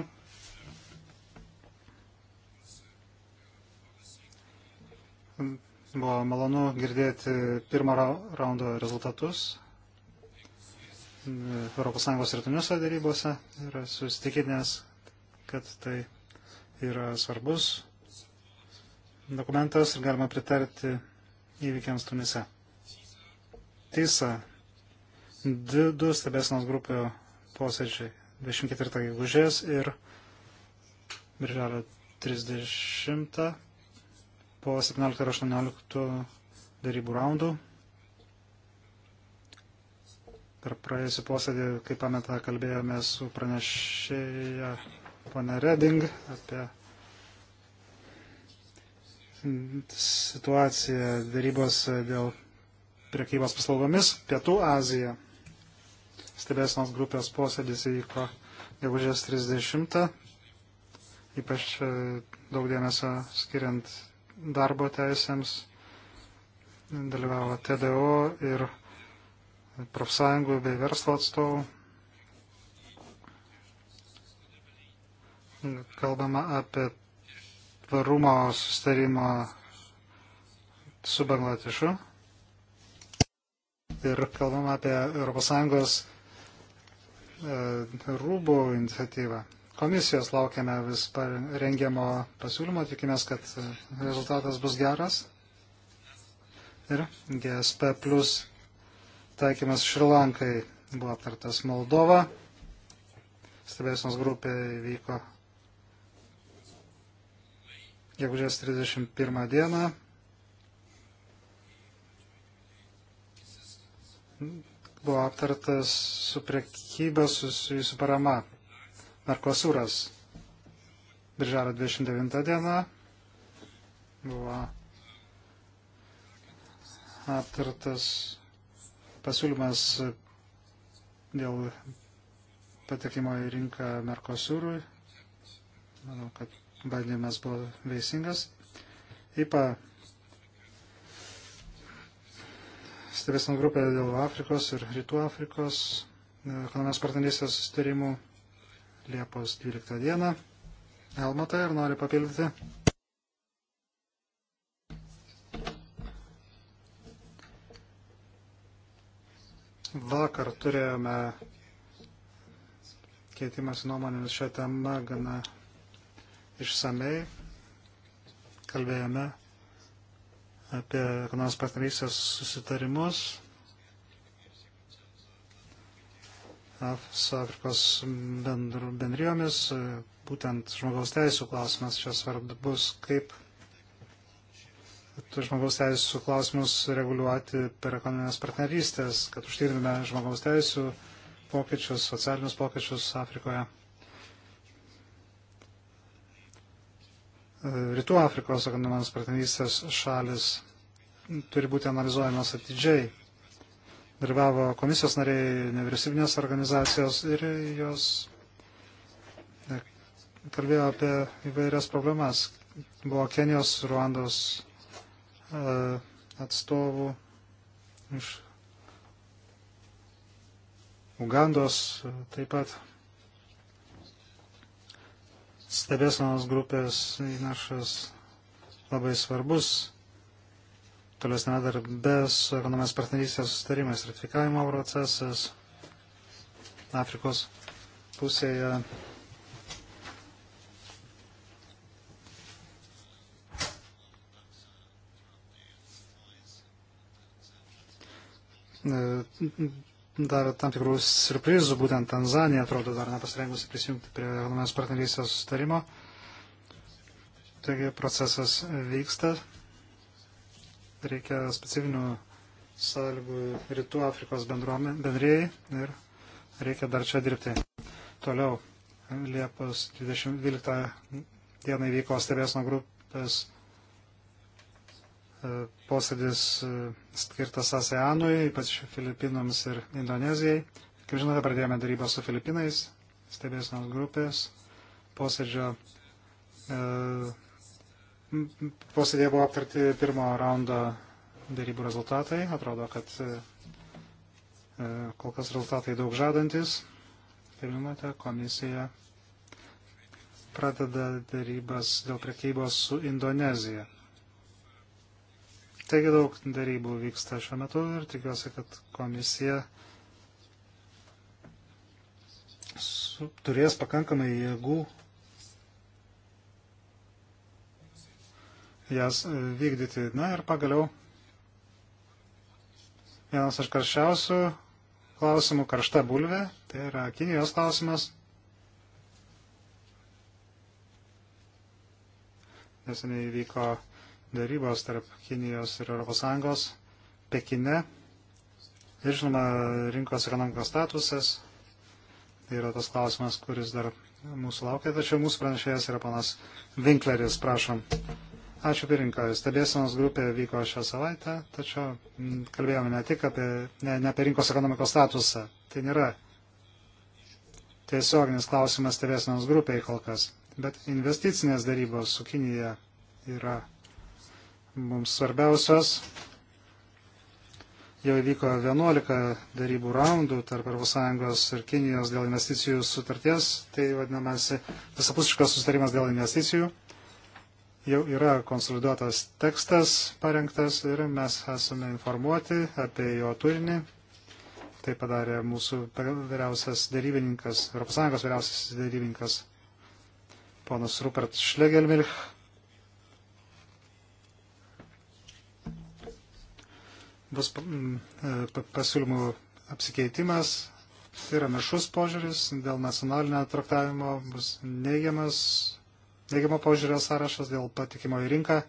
Buvo malonu girdėti pirmo raundo rezultatus. ES ir Tuniso darybose ir susitikinęs, kad tai yra svarbus dokumentas ir galima pritarti įvykiams Tunise. Tysa, du, du stebėsinos grupio posėdžiai 24 gegužės ir birželio 30 po 17 ir 18 darybų raundų. Per praėjusią posėdį, kaip pameta, kalbėjome su pranešėja pana Reding apie situaciją darybos dėl priekybos paslaugomis Pietų Azija. Stebėsinos grupės posėdis įvyko gegužės 30. Ypač e, daug dėmesio skiriant darbo teisėms dalyvavo TDO ir profsąjungų bei verslo atstovų. Kalbama apie tvarumo sustarimą su Bangladešu ir kalbama apie ES e, rūbų iniciatyvą. Komisijos laukiame vis rengiamo pasiūlymo, tikimės, kad e, rezultatas bus geras. Ir GSP plus taikymas Šrilankai buvo aptartas Moldova. Stebėsinos grupė vyko gegužės 31 dieną. Buvo aptartas su prekyba susijusi parama Merkosūras. Birželio 29 diena buvo aptartas pasiūlymas dėl patekimo į rinką Merkosurui. Manau, kad bandymas buvo veisingas. IPA stebėsino grupė dėl Afrikos ir Rytų Afrikos e, ekonomijos partnerystės sustarimų Liepos 12 dieną. Elmata ir noriu papildyti Vakar turėjome keitimas nuomonėmis šią temą gana išsamei. Kalbėjome apie ekonomos partnerystės susitarimus su Afrikos bendrijomis, būtent žmogaus teisų klausimas čia svarbus, kaip žmogaus teisų klausimus reguliuoti per ekonominės partnerystės, kad užtikrintume žmogaus teisų pokyčius, socialinius pokyčius Afrikoje. E, Rytų Afrikos ekonominės partnerystės šalis turi būti analizuojamas atidžiai. Dalyvavo komisijos nariai, nevyriausybinės organizacijos ir jos e, kalbėjo apie įvairias problemas. Buvo Kenijos, Ruandos, E, atstovų iš Ugandos e, taip pat stebėsenos grupės įnašas labai svarbus tolesnė darbė su ekonomės partnerystės sustarimais ratifikavimo procesas Afrikos pusėje E, dar tam tikrų surprizų, būtent Tanzanija atrodo dar nepasirengusi prisijungti prie ekonominės partnerystės sustarimo. Taigi procesas vyksta. Reikia specifinių sąlygų rytų Afrikos bendrėjai ir reikia dar čia dirbti. Toliau Liepos 12 dieną įvyko stebėsno grupės E, posėdis e, skirtas ASEANui, ypač Filipinams ir Indonezijai. Kaip žinote, pradėjome darybą su Filipinais, stebėsinos grupės, posėdžio. E, posėdėje buvo aptarti pirmo raundo darybų rezultatai. Atrodo, kad kol kas rezultatai daug žadantis. Kaip žinote, komisija pradeda darybas dėl prekybos su Indonezija. Taigi daug darybų vyksta šiuo metu ir tikiuosi, kad komisija su, turės pakankamai jėgų jas e, vykdyti. Na ir pagaliau vienas iš karščiausių klausimų karšta bulvė, tai yra Kinijos klausimas. Neseniai vyko darybos tarp Kinijos ir ES Pekine. Ir žinoma, rinkos ekonomikos statusas. Tai yra tas klausimas, kuris dar mūsų laukia. Tačiau mūsų pranešėjas yra panas Winkleris, prašom. Ačiū pirinką. Stebėsenos grupė vyko šią savaitę, tačiau mm, kalbėjome ne tik apie, ne, ne apie rinkos ekonomikos statusą. Tai nėra tiesioginis klausimas stebėsenos grupiai kol kas. Bet investicinės darybos su Kinija yra mums svarbiausios. Jau įvyko 11 darybų raundų tarp ES ir Kinijos dėl investicijų sutarties, tai vadinamasi visapusiškas sustarimas dėl investicijų. Jau yra konsoliduotas tekstas parengtas ir mes esame informuoti apie jo turinį. Tai padarė mūsų vyriausias darybininkas, ES vyriausias darybininkas, ponas Rupert Šlegelmilch bus mm, e, pasiūlymų apsikeitimas, tai yra mišus požiūris, dėl nacionalinio traktavimo bus neigiamas, neigiamo požiūrio sąrašas, dėl patikimo į rinką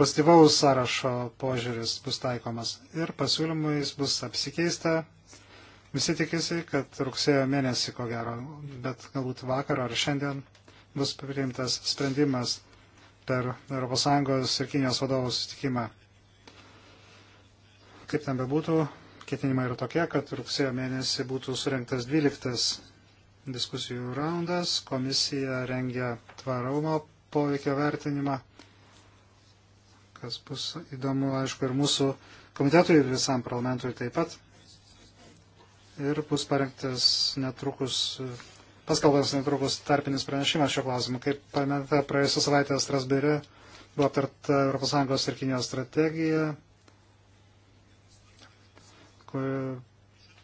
pozityvaus sąrašo požiūris bus taikomas ir pasiūlymais bus apsikeista. Visi tikisi, kad rugsėjo mėnesį, ko gero, bet galbūt vakar ar šiandien bus priimtas sprendimas per ES ir Kinijos vadovų susitikimą. Kaip ten bebūtų, ketinimai yra tokie, kad rugsėjo mėnesį būtų surinktas 12 diskusijų raundas, komisija rengia tvarumo poveikio vertinimą, kas bus įdomu, aišku, ir mūsų komitetui ir visam parlamentui taip pat. Ir bus parengtas netrukus, paskalbas netrukus tarpinis pranešimas šio klausimu. Kaip pamėta, praėjusią savaitę Strasbūrė buvo aptarta ES ir Kinijos strategija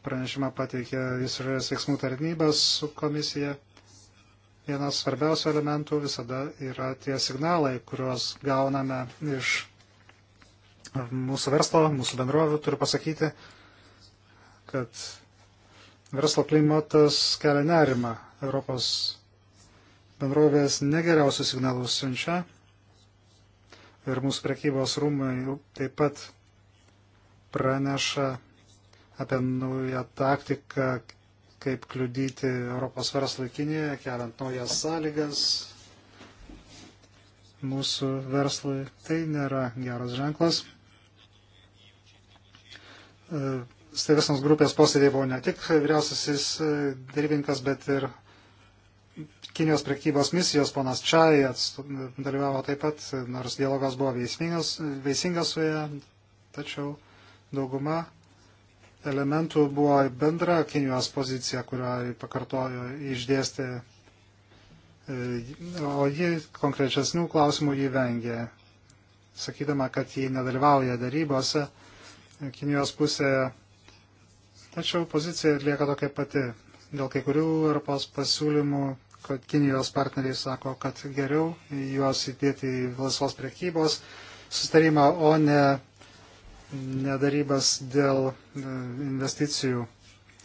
pranešimą pateikė Izraelės veiksmų tarnybas su komisija. Vienas svarbiausių elementų visada yra tie signalai, kuriuos gauname iš mūsų verslo, mūsų bendrovių. Turiu pasakyti, kad verslo klimatas kelia nerimą. Europos bendrovės negeriausius signalus siunčia ir mūsų prekybos rūmai taip pat praneša apie naują taktiką, kaip kliudyti Europos verslą Kinijoje, keliant naujas sąlygas mūsų verslui. Tai nėra geras ženklas. E, Stevesnos grupės posėdėje buvo ne tik vyriausiasis e, dirbinkas, bet ir Kinijos prekybos misijos ponas Čai dalyvavo taip pat, nors dialogas buvo veisingas, veisingas su ja, tačiau dauguma elementų buvo bendra Kinijos pozicija, kurią pakartojo išdėstė, e, o ji konkrečesnių klausimų jį vengė, sakydama, kad jį nedalyvauja darybose Kinijos pusėje. Tačiau pozicija lieka tokia pati. Dėl kai kurių Europos pasiūlymų, kad Kinijos partneriai sako, kad geriau juos įdėti į laisvos priekybos sustarimą, o ne nedarybas dėl e, investicijų,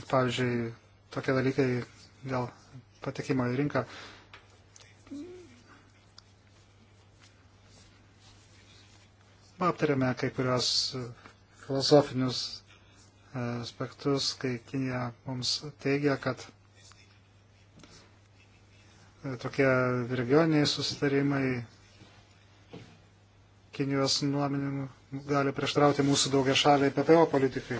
pavyzdžiui, tokie dalykai dėl patekimo į rinką. Aptarėme kai kurios e, filosofinius e, aspektus, kai Kinija mums teigia, kad tokie regioniniai susitarimai Kinijos nuomenimų gali prieštrauti mūsų daugia šaliai PPO politikai.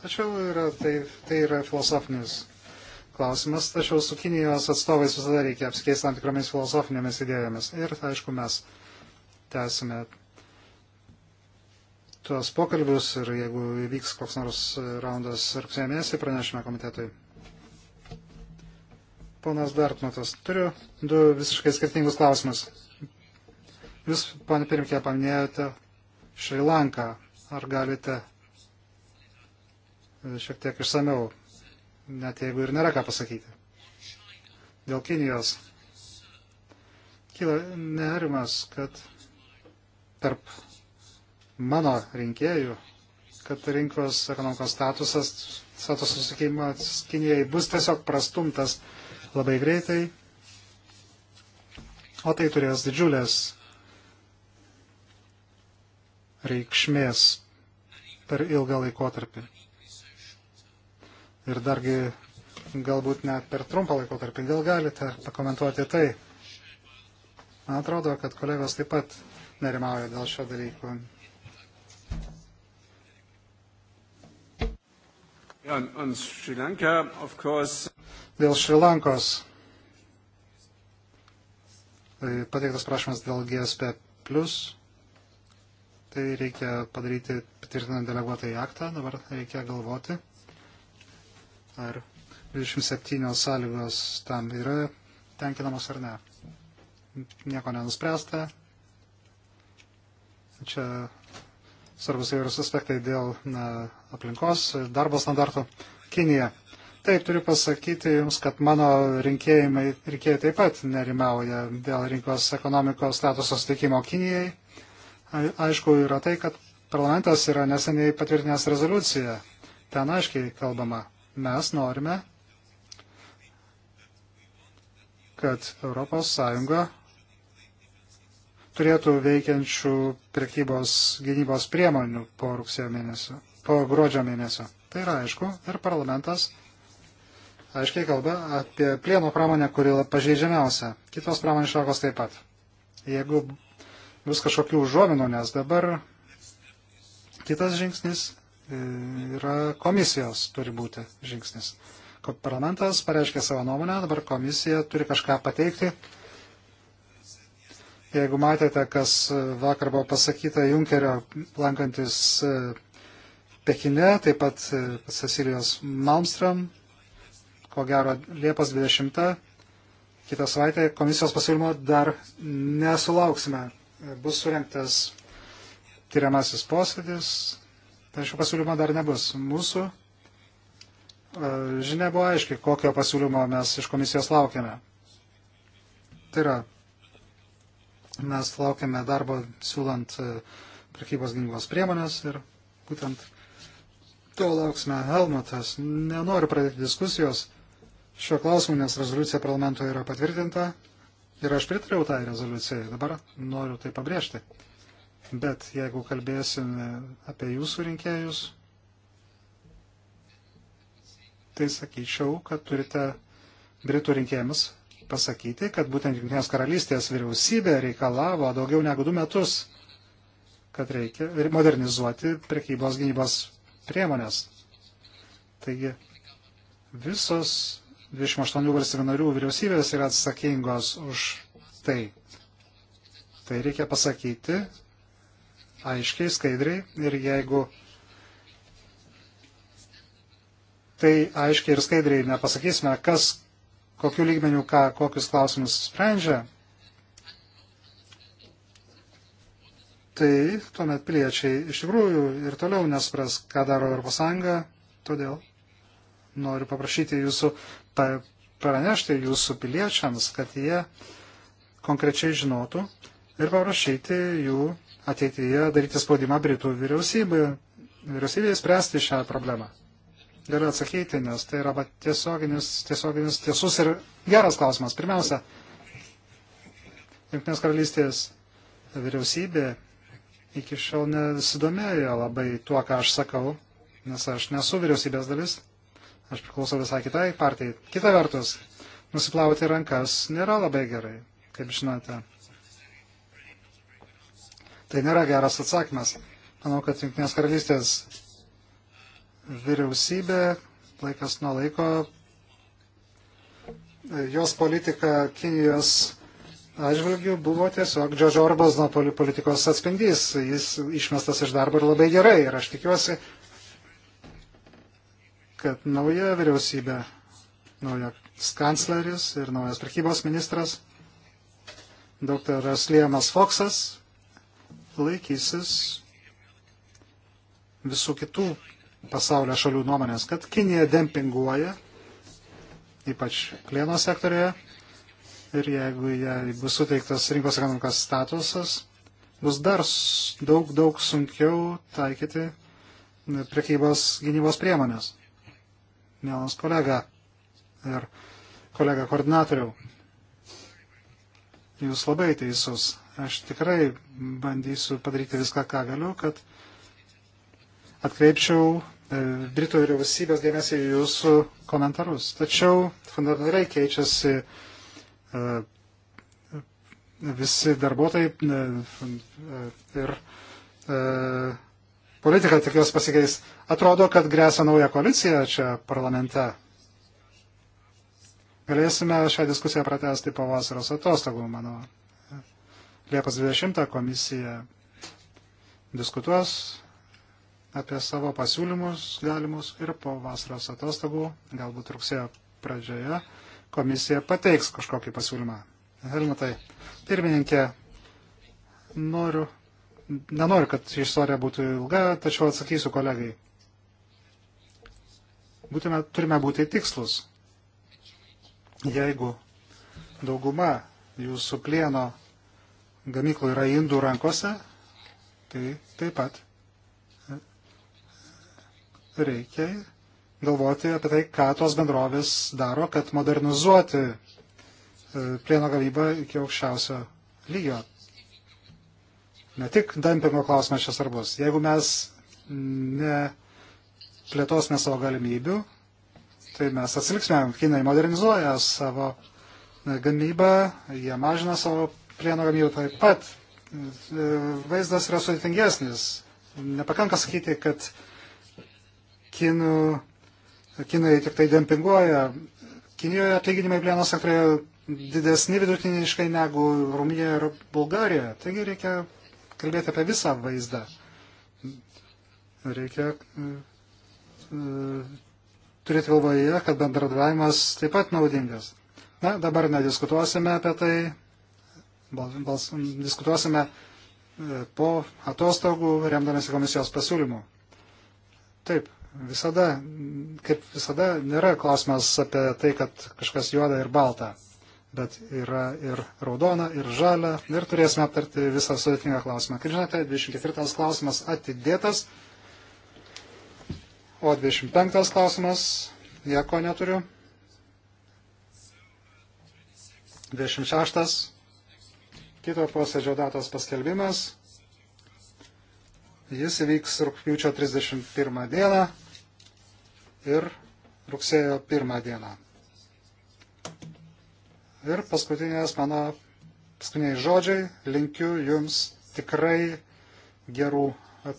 Tačiau yra, tai, tai yra filosofinis klausimas, tačiau su Kinijos atstovais visada reikia apsikeisti tam tikromis filosofinėmis idėjomis. Ir, aišku, mes tęsime tuos pokalbius ir jeigu vyks koks nors raundas rugsėjo mėnesį, pranešime komitetui. Ponas Dartmatas, turiu du visiškai skirtingus klausimus. Jūs, pan pirmkė, paminėjote Šrilanką. Ar galite e, šiek tiek išsameu, net jeigu ir nėra ką pasakyti? Dėl Kinijos kyla nerimas, kad tarp mano rinkėjų, kad rinkos ekonomikos statusas, statusas susikeimimas Kinijai bus tiesiog prastumtas labai greitai, o tai turės didžiulės reikšmės per ilgą laikotarpį. Ir dargi galbūt net per trumpą laikotarpį. Gal galite pakomentuoti tai? Man atrodo, kad kolegos taip pat nerimauja dėl šio dalyko. On, on Sri Lanka, of course. Dėl Šrilankos tai pateiktas prašymas dėl GSP plus Tai reikia padaryti patvirtinant deleguotą į aktą. Dabar reikia galvoti, ar 27 sąlygos tam yra tenkinamos ar ne. Nieko nenuspręsta. Čia svarbus įvairūs aspektai dėl na, aplinkos, darbo standartų. Kinija. Taip, turiu pasakyti Jums, kad mano rinkėjai taip pat nerimauja dėl rinkos ekonomikos statuso suteikimo Kinijai aišku yra tai, kad parlamentas yra neseniai patvirtinęs rezoliuciją. Ten aiškiai kalbama, mes norime, kad ES turėtų veikiančių prekybos gynybos priemonių po, mėnesio, po gruodžio mėnesio. Tai yra aišku ir parlamentas aiškiai kalba apie plieno pramonę, kuri pažeidžiamiausia. Kitos pramonės šakos taip pat. Jeigu bus kažkokių užuominų, nes dabar kitas žingsnis e, yra komisijos turi būti žingsnis. Parlamentas pareiškia savo nuomonę, dabar komisija turi kažką pateikti. Jeigu matėte, kas vakar buvo pasakyta Junkerio lankantis e, Pekine, taip pat e, Cecilijos Malmström, ko gero Liepos 20, kitą savaitę komisijos pasiūlymo dar nesulauksime bus surinktas tyriamasis posėdis, tačiau pasiūlymo dar nebus. Mūsų e, žinia buvo aiški, kokio pasiūlymo mes iš komisijos laukiame. Tai yra, mes laukiame darbo siūlant e, prekybos gynybos priemonės ir būtent to lauksime. Helmutas, nenoriu pradėti diskusijos šiuo klausimu, nes rezoliucija parlamento yra patvirtinta. Ir aš pritariau tai rezoliucijai, dabar noriu tai pabrėžti. Bet jeigu kalbėsime apie jūsų rinkėjus, tai sakyčiau, kad turite Britų rinkėjams pasakyti, kad būtent Junktinės karalystės vyriausybė reikalavo daugiau negu du metus, kad reikia modernizuoti prekybos gynybos priemonės. Taigi visos 28 valstybių narių vyriausybės yra atsakingos už tai. Tai reikia pasakyti aiškiai, skaidriai ir jeigu tai aiškiai ir skaidriai nepasakysime, kas kokiu lygmeniu ką, kokius klausimus sprendžia, tai tuomet piliečiai iš tikrųjų ir toliau nespras, ką daro Europos Sąjunga, todėl noriu paprašyti jūsų pranešti jūsų piliečiams, kad jie konkrečiai žinotų ir paprašyti jų ateityje daryti spaudimą Britų vyriausybė, vyriausybėje spręsti šią problemą. Galiu atsakyti, nes tai yra tiesioginis, tiesioginis, tiesus ir geras klausimas. Pirmiausia, Junktinės karalystės vyriausybė iki šiol nesidomėjo labai tuo, ką aš sakau, nes aš nesu vyriausybės dalis. Aš priklausau visai kitai partijai. Kita vertus, nusiplauti rankas nėra labai gerai, kaip žinote. Tai nėra geras atsakymas. Manau, kad Junktinės karalystės vyriausybė laikas nuo laiko jos politika Kinijos atžvilgių buvo tiesiog Džožo Orbozno politikos atspindys. Jis išmestas iš darbo ir labai gerai. Ir aš tikiuosi, kad nauja vyriausybė, naujas kancleris ir naujas prekybos ministras, daktaras Liemas Foksas, laikysis visų kitų pasaulio šalių nuomonės, kad Kinija dempinguoja, ypač plieno sektorėje, ir jeigu jai bus suteiktas rinkos ekonomikos statusas, bus dar daug, daug sunkiau taikyti prekybos gynybos priemonės mielas kolega ir kolega koordinatoriau. Jūs labai teisus. Aš tikrai bandysiu padaryti viską, ką galiu, kad atkreipčiau e, Britų vyriausybės dėmesį į jūsų komentarus. Tačiau fundamentaliai keičiasi e, visi darbuotojai e, ir politika tik jos pasikeis. Atrodo, kad grėsia nauja koalicija čia parlamente. Galėsime šią diskusiją pratesti po vasaros atostogų, manau. Liepos 20 komisija diskutuos apie savo pasiūlymus galimus ir po vasaros atostogų, galbūt rugsėjo pradžioje, komisija pateiks kažkokį pasiūlymą. Helmutai, pirmininkė, noriu Nenoriu, kad istorija būtų ilga, tačiau atsakysiu kolegai. Būtume, turime būti tikslus. Jeigu dauguma jūsų plieno gamyklų yra indų rankose, tai taip pat reikia galvoti apie tai, ką tos bendrovės daro, kad modernizuoti e, plieno gavybą iki aukščiausio lygio. Ne tik dampingo klausimas čia svarbus. Jeigu mes neplėtosime savo galimybių, tai mes atsiliksime. Kinai modernizuoja savo gamybą, jie mažina savo plieno gamybą taip pat. Vaizdas yra sudėtingesnis. Nepakanka sakyti, kad kinų, kinai tik tai dempinguoja. Kinijoje atlyginimai plieno sektorėje didesni vidutiniškai negu Rumunijoje ir Bulgarijoje. Taigi reikia kalbėti apie visą vaizdą. Reikia e, e, turėti galvoje, kad bendradavimas taip pat naudingas. Na, dabar nediskutuosime apie tai, bals, diskutuosime e, po atostogų, remdamėsi komisijos pasiūlymų. Taip, visada, kaip visada, nėra klausimas apie tai, kad kažkas juoda ir balta bet yra ir raudona, ir žalia, ir turėsime aptarti visą sudėtingą klausimą. Kaip žinote, 24 klausimas atidėtas, o 25 klausimas, nieko neturiu. 26. Kito posėdžio datos paskelbimas. Jis įvyks rūpjūčio 31 dieną ir rugsėjo 1 dieną. Ir paskutinės mano paskutiniai žodžiai. Linkiu Jums tikrai gerų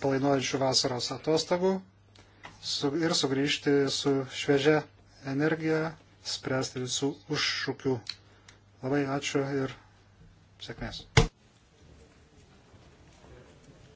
palainuojančių vasaros atostogų su, ir sugrįžti su šviežia energija, spręsti visų užšūkių. Labai ačiū ir sėkmės.